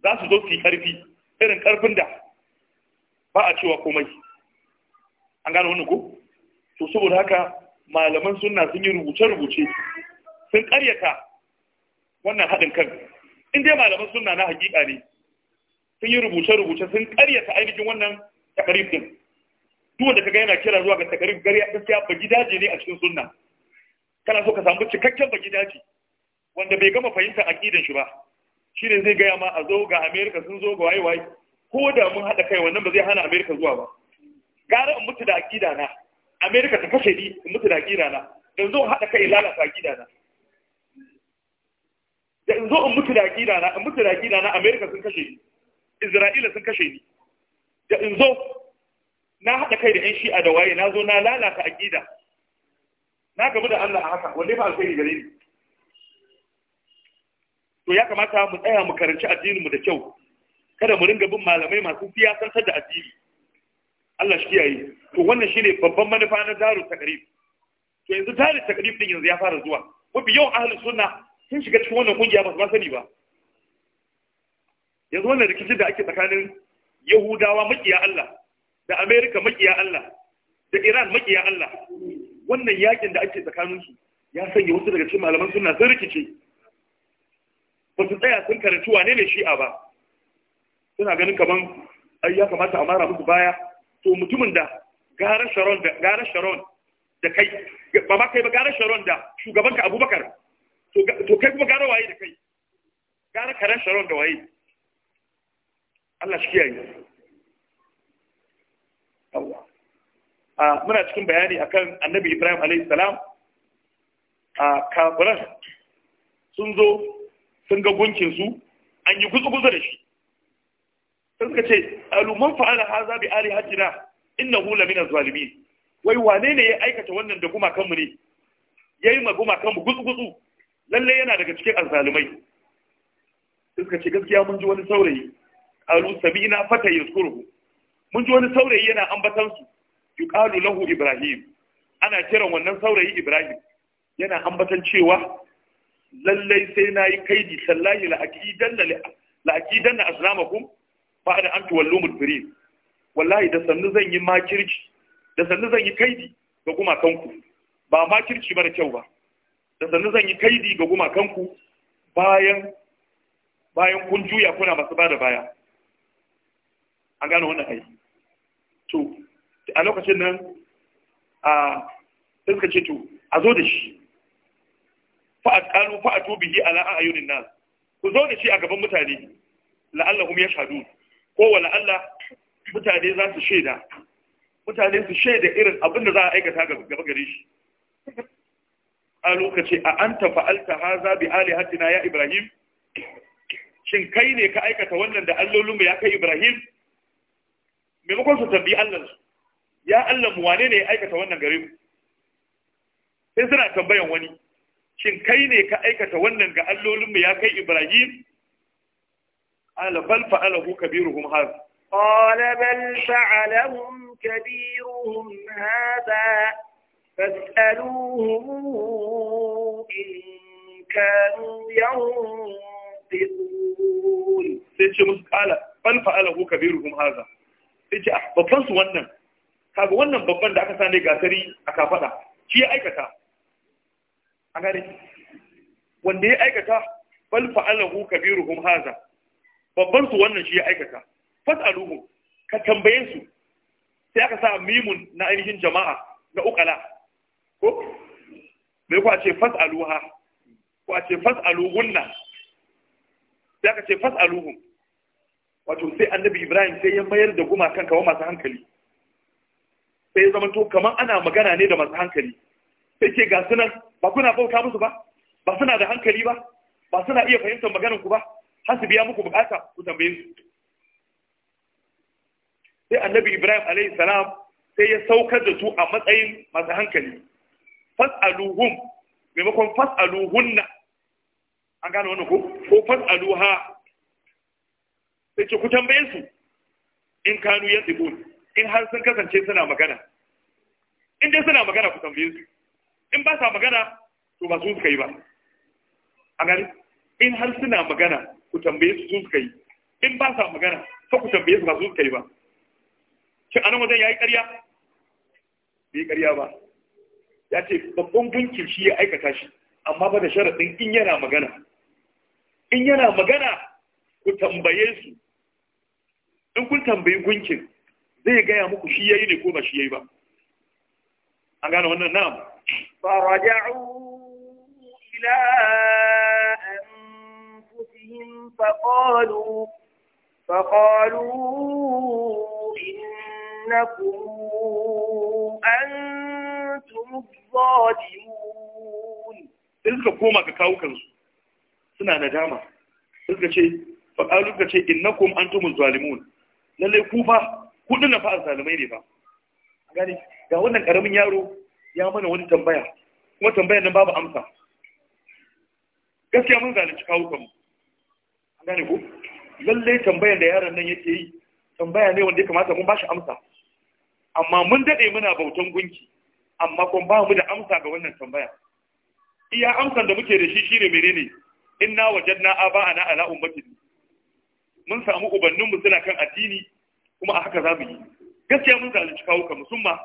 za su zo su yi karfi irin karfin da ba a cewa komai an gane wannan ko to saboda haka malaman suna sun yi rubuce-rubuce sun karyata wannan haɗin kan in dai malaman sunna na hakika ne sun yi rubuce-rubuce sun karyata ainihin wannan takarif din duwa da kaga yana kira zuwa ga takarif gariya gaskiya ba gidaje ne a cikin sunna kana so ka samu cikakken ba gidaje wanda bai gama fahimtar aqidan shi ba shine zai gaya ma a zo ga America sun zo ga waye waye ko da mun hada kai wannan ba zai hana America zuwa ba gara in mutu da aqida na America ta kashe ni in mutu da aqida na yanzu hada kai lalata aqida na in zo in mutu da aƙida na in mutu da aƙida na America sun kashe ni Isra'ila sun kashe ni da in zo na haɗa kai da 'yan shi'a da waye na zo na lalata aƙida na gamu da Allah a haka wanda fa alfahari gare ni to ya kamata mu tsaya mu karanci addinin mu da kyau kada mu ringa bin malamai masu siyasantar da addini Allah shi kiyaye to wannan shi ne babban manufa na daru takrif to yanzu daru takrif din yanzu ya fara zuwa mafi yawan ahalin suna. sun shiga cikin wannan kungiya ba su ma sani ba yanzu wannan rikicin da ake tsakanin yahudawa makiya Allah da amerika makiya Allah da iran makiya Allah wannan yakin da ake tsakanin su ya sanya wasu daga cikin malaman suna sun rikice ba su tsaya sun karanci wane ne shi'a ba suna ganin kaman ai ya kamata a mara musu baya to mutumin da gara sharon da kai ba ma kai ba gara sharon da shugabanka abubakar to kai kuma gara waye da kai gara karen sharon da waye Allah shi kiyaye Allah ah muna cikin bayani akan Annabi Ibrahim alaihi salam a kafiran sun zo sun ga gunkin su an yi gutsu-gutsu da shi sun ka ce aluman fa'ala haza bi ali hajjina innahu min zalimin wai wane ne ya aikata wannan da gumakan mu ne yayi ma gumakan mu gutsu-gutsu lalle yana daga cikin azzalumai suka ce gaskiya mun ji wani saurayi qalu sabina fata yazkuruhu mun ji wani saurayi yana ambatan su yuqalu lahu ibrahim ana kiran wannan saurayi ibrahim yana ambatan cewa lalle sai nayi kaidi sallahi la aqidanna la aqidanna aslamakum ba'da an tuwallu mudbirin wallahi da sannu zan yi makirci da sannu zan yi kaidi ga kanku. ba makirci mara kyau ba da sannu zan yi kaidi ga gumakanku bayan bayan kun juya kuna masu bada baya an gano wannan aiki to a lokacin nan a suka ce to a zo da shi fa'at qalu fa'atu bihi ala ayunin nas ku zo da shi a gaban mutane la'allahum yashhadun ko wa la'alla mutane za su sheda mutane su shaida irin abin da za a aikata gaba gare shi qalu ka ce a anta fa'alta hadha bi alihatina ya ibrahim shin kai ne ka aikata wannan da allolinmu ya kai ibrahim maimakon su tambayi Allah ya Allah mu wane ne ya aikata wannan gare mu sai suna tambayan wani shin kai ne ka aikata wannan ga allolinmu ya kai ibrahim ala bal fa'alahu kabiruhum hadha qala bal fa'alahum kabiruhum hadha فاسألوهم إن كانوا ينطقون سيتي مسكالة بل فعله كبيرهم هذا سيتي أحبطان سوانا kaga wannan babban da aka sani gasari a kafada shi ya aikata a gane wanda ya aikata bal fa'alahu kabiruhum haza babban su wannan shi ya aikata fas'aluhu ka tambaye su sai aka sa mimun na ainihin jama'a na ukala me ku a ce fas'aluha ko a ce fas'aluhunna sai ka ce fas'aluhum wato sai annabi Ibrahim sai ya mayar da gumakan kawo masu hankali sai ya zama to kamar ana magana ne da masu hankali sai ke ga sunan ba kuna bauta musu ba ba suna da hankali ba ba suna iya fahimtar maganar ku ba hasu su biya muku bukata ku tambaye su sai annabi Ibrahim alaihi salam sai ya saukar da su a matsayin masu hankali fas'aluhum maimakon fas'aluhunna an gane wannan ko ko fas'aluha sai ce ku tambaye su in kanu ya tsibun in har sun kasance suna magana in dai suna magana ku tambaye su in ba sa magana to ba su suka yi ba a gani in har suna magana ku tambaye su su suka yi in ba sa magana fa ku tambaye su ba su suka yi ba shin anan wajen yayi ƙarya bai ƙarya ba ya ce babban gunkin shi ya aikata shi amma ba da sharaɗin in yana magana in yana magana ku tambaye su in kun tambayi gunkin zai gaya muku shi ya yi ne ko ba shi ya yi ba an gane wannan nam fa raja'u ila an antum zalimun sai suka koma ga kawukansu suna nadama suka ce fa'alu suka ce innakum antum zalimun lalle ku fa kudu na fa zalimai ne ba gani ga wannan karamin yaro ya mana wani tambaya kuma tambayar nan babu amsa gaskiya mun zalunci kawo kanmu an gane ko lalle tambayar da yaron nan yake yi tambaya ne wanda ya kamata mun bashi amsa amma mun dade muna bautan gunki amma kun ba mu da amsa ga wannan tambaya iya amsan da muke da shi shine menene inna wajadna aba'ana ala ummati mun samu ubannin mu suna kan addini kuma a haka zamu yi gaskiya mun alci kawo kamar musamman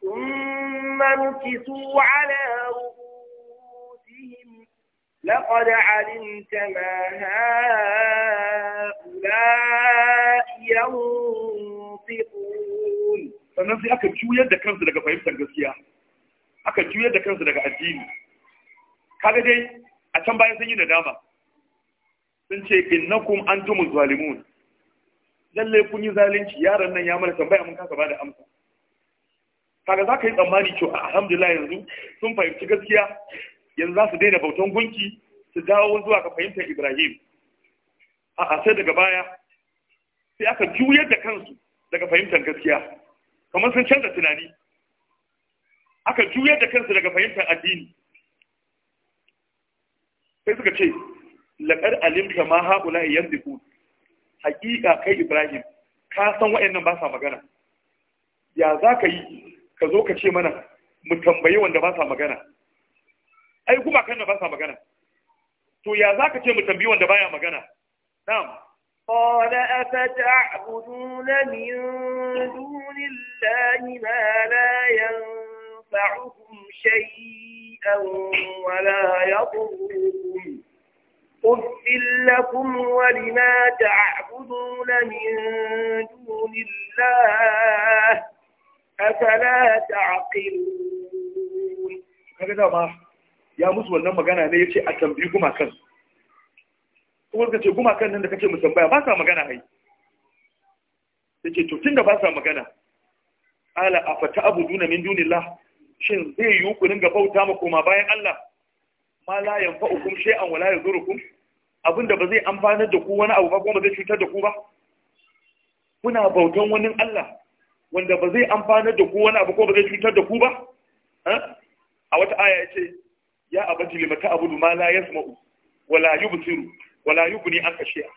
thumma nukisu ala laqad alimta ma sannan sai aka juyar da kansu daga fahimtar gaskiya aka juyar da kansu daga addini kaga dai a can bayan sun yi nadama sun ce innakum antumuz zalimun lalle kun yi zalunci yaran nan ya mana tambaya mun kasa bada amsa kaga za ka yi tsammani cewa ah, alhamdulillah yanzu sun fahimci gaskiya yanzu za su daina bautan gunki su dawo zuwa ga fahimtar ibrahim a sai daga baya sai aka juyar da kansu daga fahimtar gaskiya kamar sun canza tunani aka juyar da kansu daga fahimtar addini sai suka ce laƙar alimta ma haƙula yanzu ziku haƙiƙa kai ibrahim ka san waɗannan ba sa magana ya za ka yi ka zo ka ce mana mu tambayi wanda ba sa magana ai kuma kan da ba sa magana to ya za ka ce mu tambayi wanda baya magana na'am قال أفتعبدون من دون الله ما لا ينفعكم شيئا ولا يضركم قف لكم ولما تعبدون من دون الله أفلا تعقلون هكذا ما يا مسلم لما كان عليه شيء أتنبيه ما kuma suka ce gumakan nan da kake musambaya ba sa magana hai yake to tunda ba sa magana ala afata abuduna min dunillah shin zai yi ku ringa bauta ma koma bayan Allah ma la yanfa'ukum shay'an wala yadurukum abinda ba zai amfanar da ku wani abu ba kuma zai cutar da ku ba kuna bautan wani Allah wanda ba zai amfanar da ku wani abu ko ba zai cutar da ku ba eh? a wata aya yace ya abati limata abudu ma la yasma'u wala yubsiru wala yughni an shay'a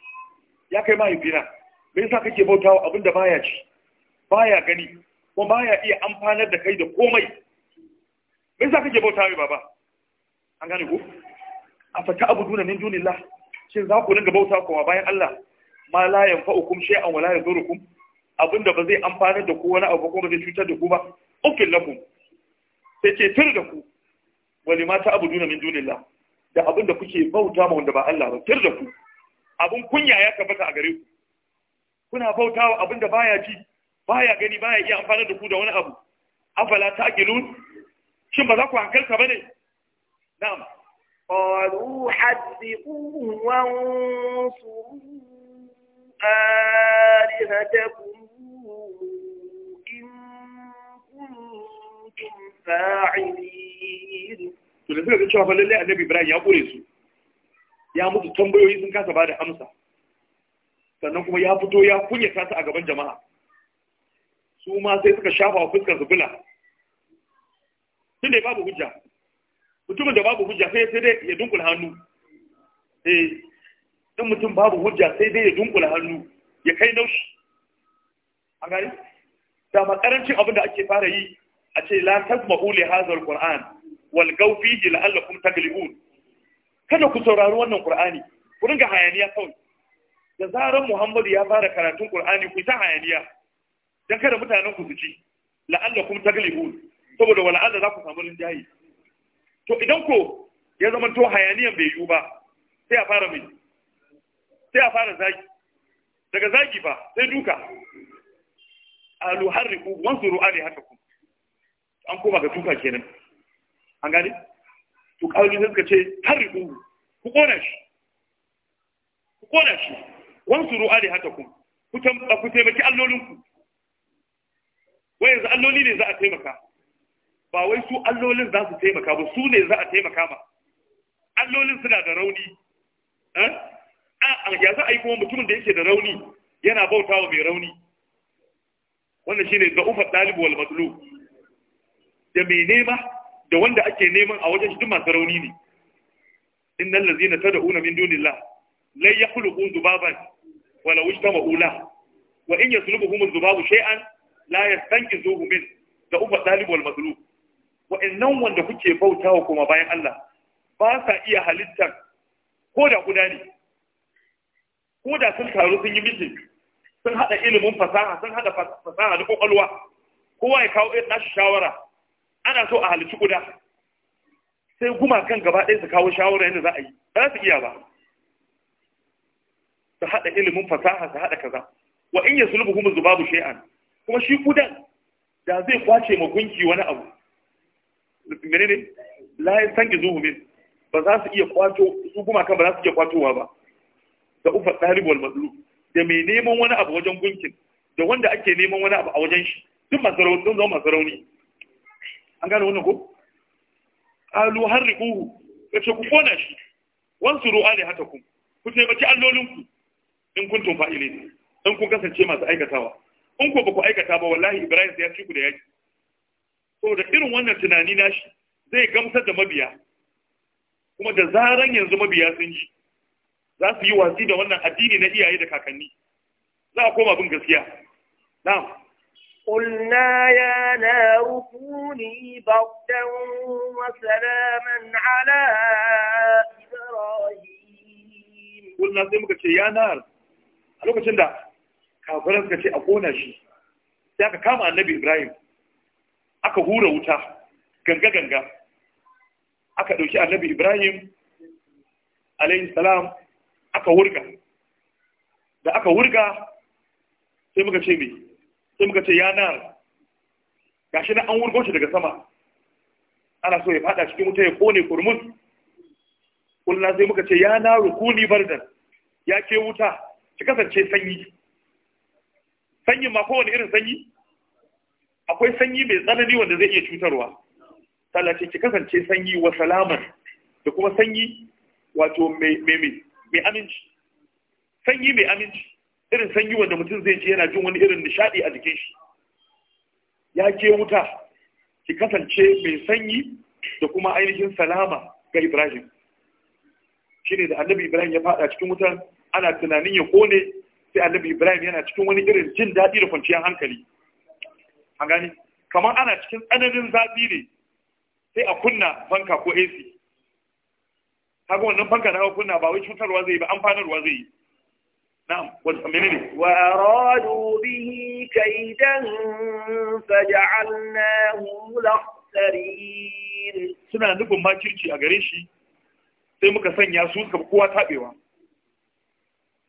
ya kai mahaifina me yasa kake bautawa abin da baya ci baya gani ko baya iya amfanar da kai da komai me yasa kake bautawa wa baba an gane ku a fata abuduna min dunillah shin za ku dinga bauta kowa bayan Allah ma la yanfa'ukum shay'an wala yadurukum abinda ba zai amfanar da ku wani abu ko ba zai cutar da ku ba ukil lakum sai ce tur da ku wali ma ta duna min dunillah da abin da kuke bauta ma wanda ba Allah ba tir da ku abin kunya ya tabbata a gare ku kuna bauta wa abin da baya ji baya gani baya iya amfana da ku da wani abu afala taqilun shin ba za ku hankalta bane na'am qalu hadithu wa ansuru alihatakum in kuntum fa'ilin to da suka ga cewa lallai annabi ibrahim ya kore su ya mutu tambayoyi sun kasa bada amsa sannan kuma ya fito ya kunyata kasa a gaban jama'a su ma sai suka shafa wa fuskar su bila tun da babu hujja mutumin da babu hujja sai sai dai ya dunkula hannu eh in mutum babu hujja sai dai ya dunkula hannu ya kai naushi a gari da makarancin abin da ake fara yi a ce la tasma'u li hadha quran wal gaufihi la'allakum taglibun kada ku saurari wannan qur'ani ku ringa hayaniya kawai da zaran muhammadu ya fara karatun qur'ani ku ta hayaniya dan kada mutanen ku su ci la'allakum taglibun saboda wala'alla za ku samu rinjaye to idan ko ya zama to hayaniyan bai yiwu ba sai a fara mai sai a fara zagi daga zagi ba sai duka alu harriku wansu ru'ani haka ku an koma ga duka kenan an gani to kawai sai suka ce tarihu ku kona shi ku kona shi wansuru alihatakum ku ku taimaki allolinku wai yanzu alloli ne za a taimaka ba wai su allolin za su taimaka ba su ne za a taimaka ma allolin suna da rauni eh? a ya za a yi kuma mutumin da yake da rauni yana bauta wa mai rauni wannan shine ga ufa dalibu wal matlu da mai nema da wanda ake neman a wajen shi masu rauni ne na ladzina una min dunillah la lai ya kulu kun Zubaban wala ta ma'ula wa in Zubabu shai an shay'an la zuhu min da uba dalib wal Wa wa nan wanda kuke bautawa kuma bayan Allah ba sa iya halittar ko da guda ne ko da sun taru sun yi mitin sun hada ilimin fasaha sun haɗa fasaha da ƙwaƙwalwa. kowa ya kawo nashi shawara ana so a halici guda sai gumakan gaba ɗaya su kawo shawarar yadda za a yi ba za su iya ba su haɗa ilimin fasaha su haɗa kaza wa in ya sulubu kuma zubabu shay'an kuma shi kudan da zai kwace ma gunki wani abu menene la ya sanki zuhu min ba za su iya kwato su gumakan ba za su iya kwatowa ba da ufa tsaribu wal matsalu da mai neman wani abu wajen gunkin da wanda ake neman wani abu a wajen shi duk zama masarauni an gane wannan ko alu harriquhu yace ku kona shi wansuru hatakum ku taimaki ku in kuntum fa'ilin in kun kasance masu aikatawa in ko baku aikata ba wallahi Ibrahim sai ya ci ku da yaki da irin wannan tunani na shi zai gamsar da mabiya kuma da zaran yanzu mabiya sun ji za su yi watsi da wannan addini na iyaye da kakanni za a koma bin gaskiya na'am قلنا يا نار كوني بردا وسلاما على إبراهيم قلنا زي muka ce ya nar a lokacin da kafiran ce a kona shi sai aka kama annabi Ibrahim aka hura wuta ganga ganga aka ɗauki annabi Ibrahim alayhi salam aka wurga da aka wurga sai muka ce mai sai muka ce ya ga shi na an wurgo shi daga sama ana so ya fada cikin wuta ya kone kurmus kullum sai muka ce ya na rukuni bardan ya ke wuta ki kasance sanyi sanyin ma kowane irin sanyi akwai sanyi mai tsanani wanda zai iya cutarwa ce ki kasance sanyi wa salaman da kuma sanyi wato mai aminci sanyi mai aminci irin sanyi wanda mutum zai ji yana jin wani irin nishaɗi a jikin shi ya ke wuta ki kasance mai sanyi da kuma ainihin salama ga Ibrahim shine da Annabi Ibrahim ya fada cikin wutan ana tunanin ya kone sai Annabi Ibrahim yana cikin wani irin jin daɗi da kwanciyar hankali an gani kamar ana cikin tsananin zafi ne sai a kunna fanka ko AC kaga wannan fanka na kunna ba wai cutarwa zai ba amfanarwa zai yi نعم وأرادوا به كيدا فجعلناهم Suna سنة نقول ما gare shi, sai muka sanya su kowa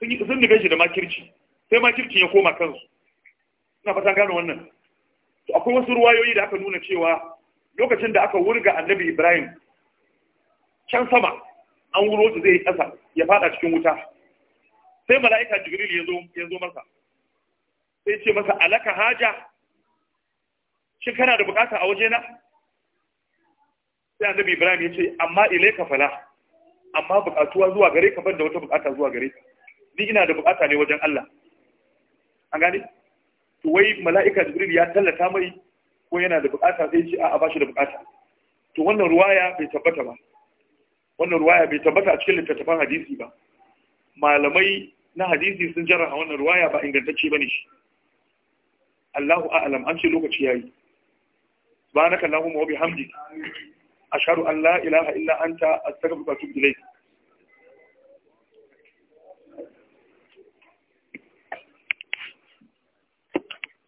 sun yi sun shi da makirci sai makircin ya koma kansu ina fatan gano wannan to akwai wasu ruwayoyi da aka nuna cewa lokacin da aka wurga annabi ibrahim can sama an wuro zai yi ƙasa ya fada cikin wuta sai mala'ika jibril ya zo masa sai ce masa alaka haja shi kana da bukata a waje na? sai annabi ibrahim ya ce amma ilaika fala amma bukatuwa zuwa gare ka banda wata bukata zuwa gare ka ni ina da bukata ne wajen Allah an gane to wai mala'ika jibril ya tallata mai ko yana da bukata sai ce a'a ba shi da bukata to wannan ruwaya bai tabbata ba wannan ruwaya bai tabbata a cikin littattafan hadisi ba malamai na hadisi sun jarra a wannan ruwaya ba ingantacce bane shi Allahu a'lam an ce lokaci yayi subhanaka allahumma wa bihamdika ashhadu an la ilaha illa anta astaghfiruka wa atubu ilayk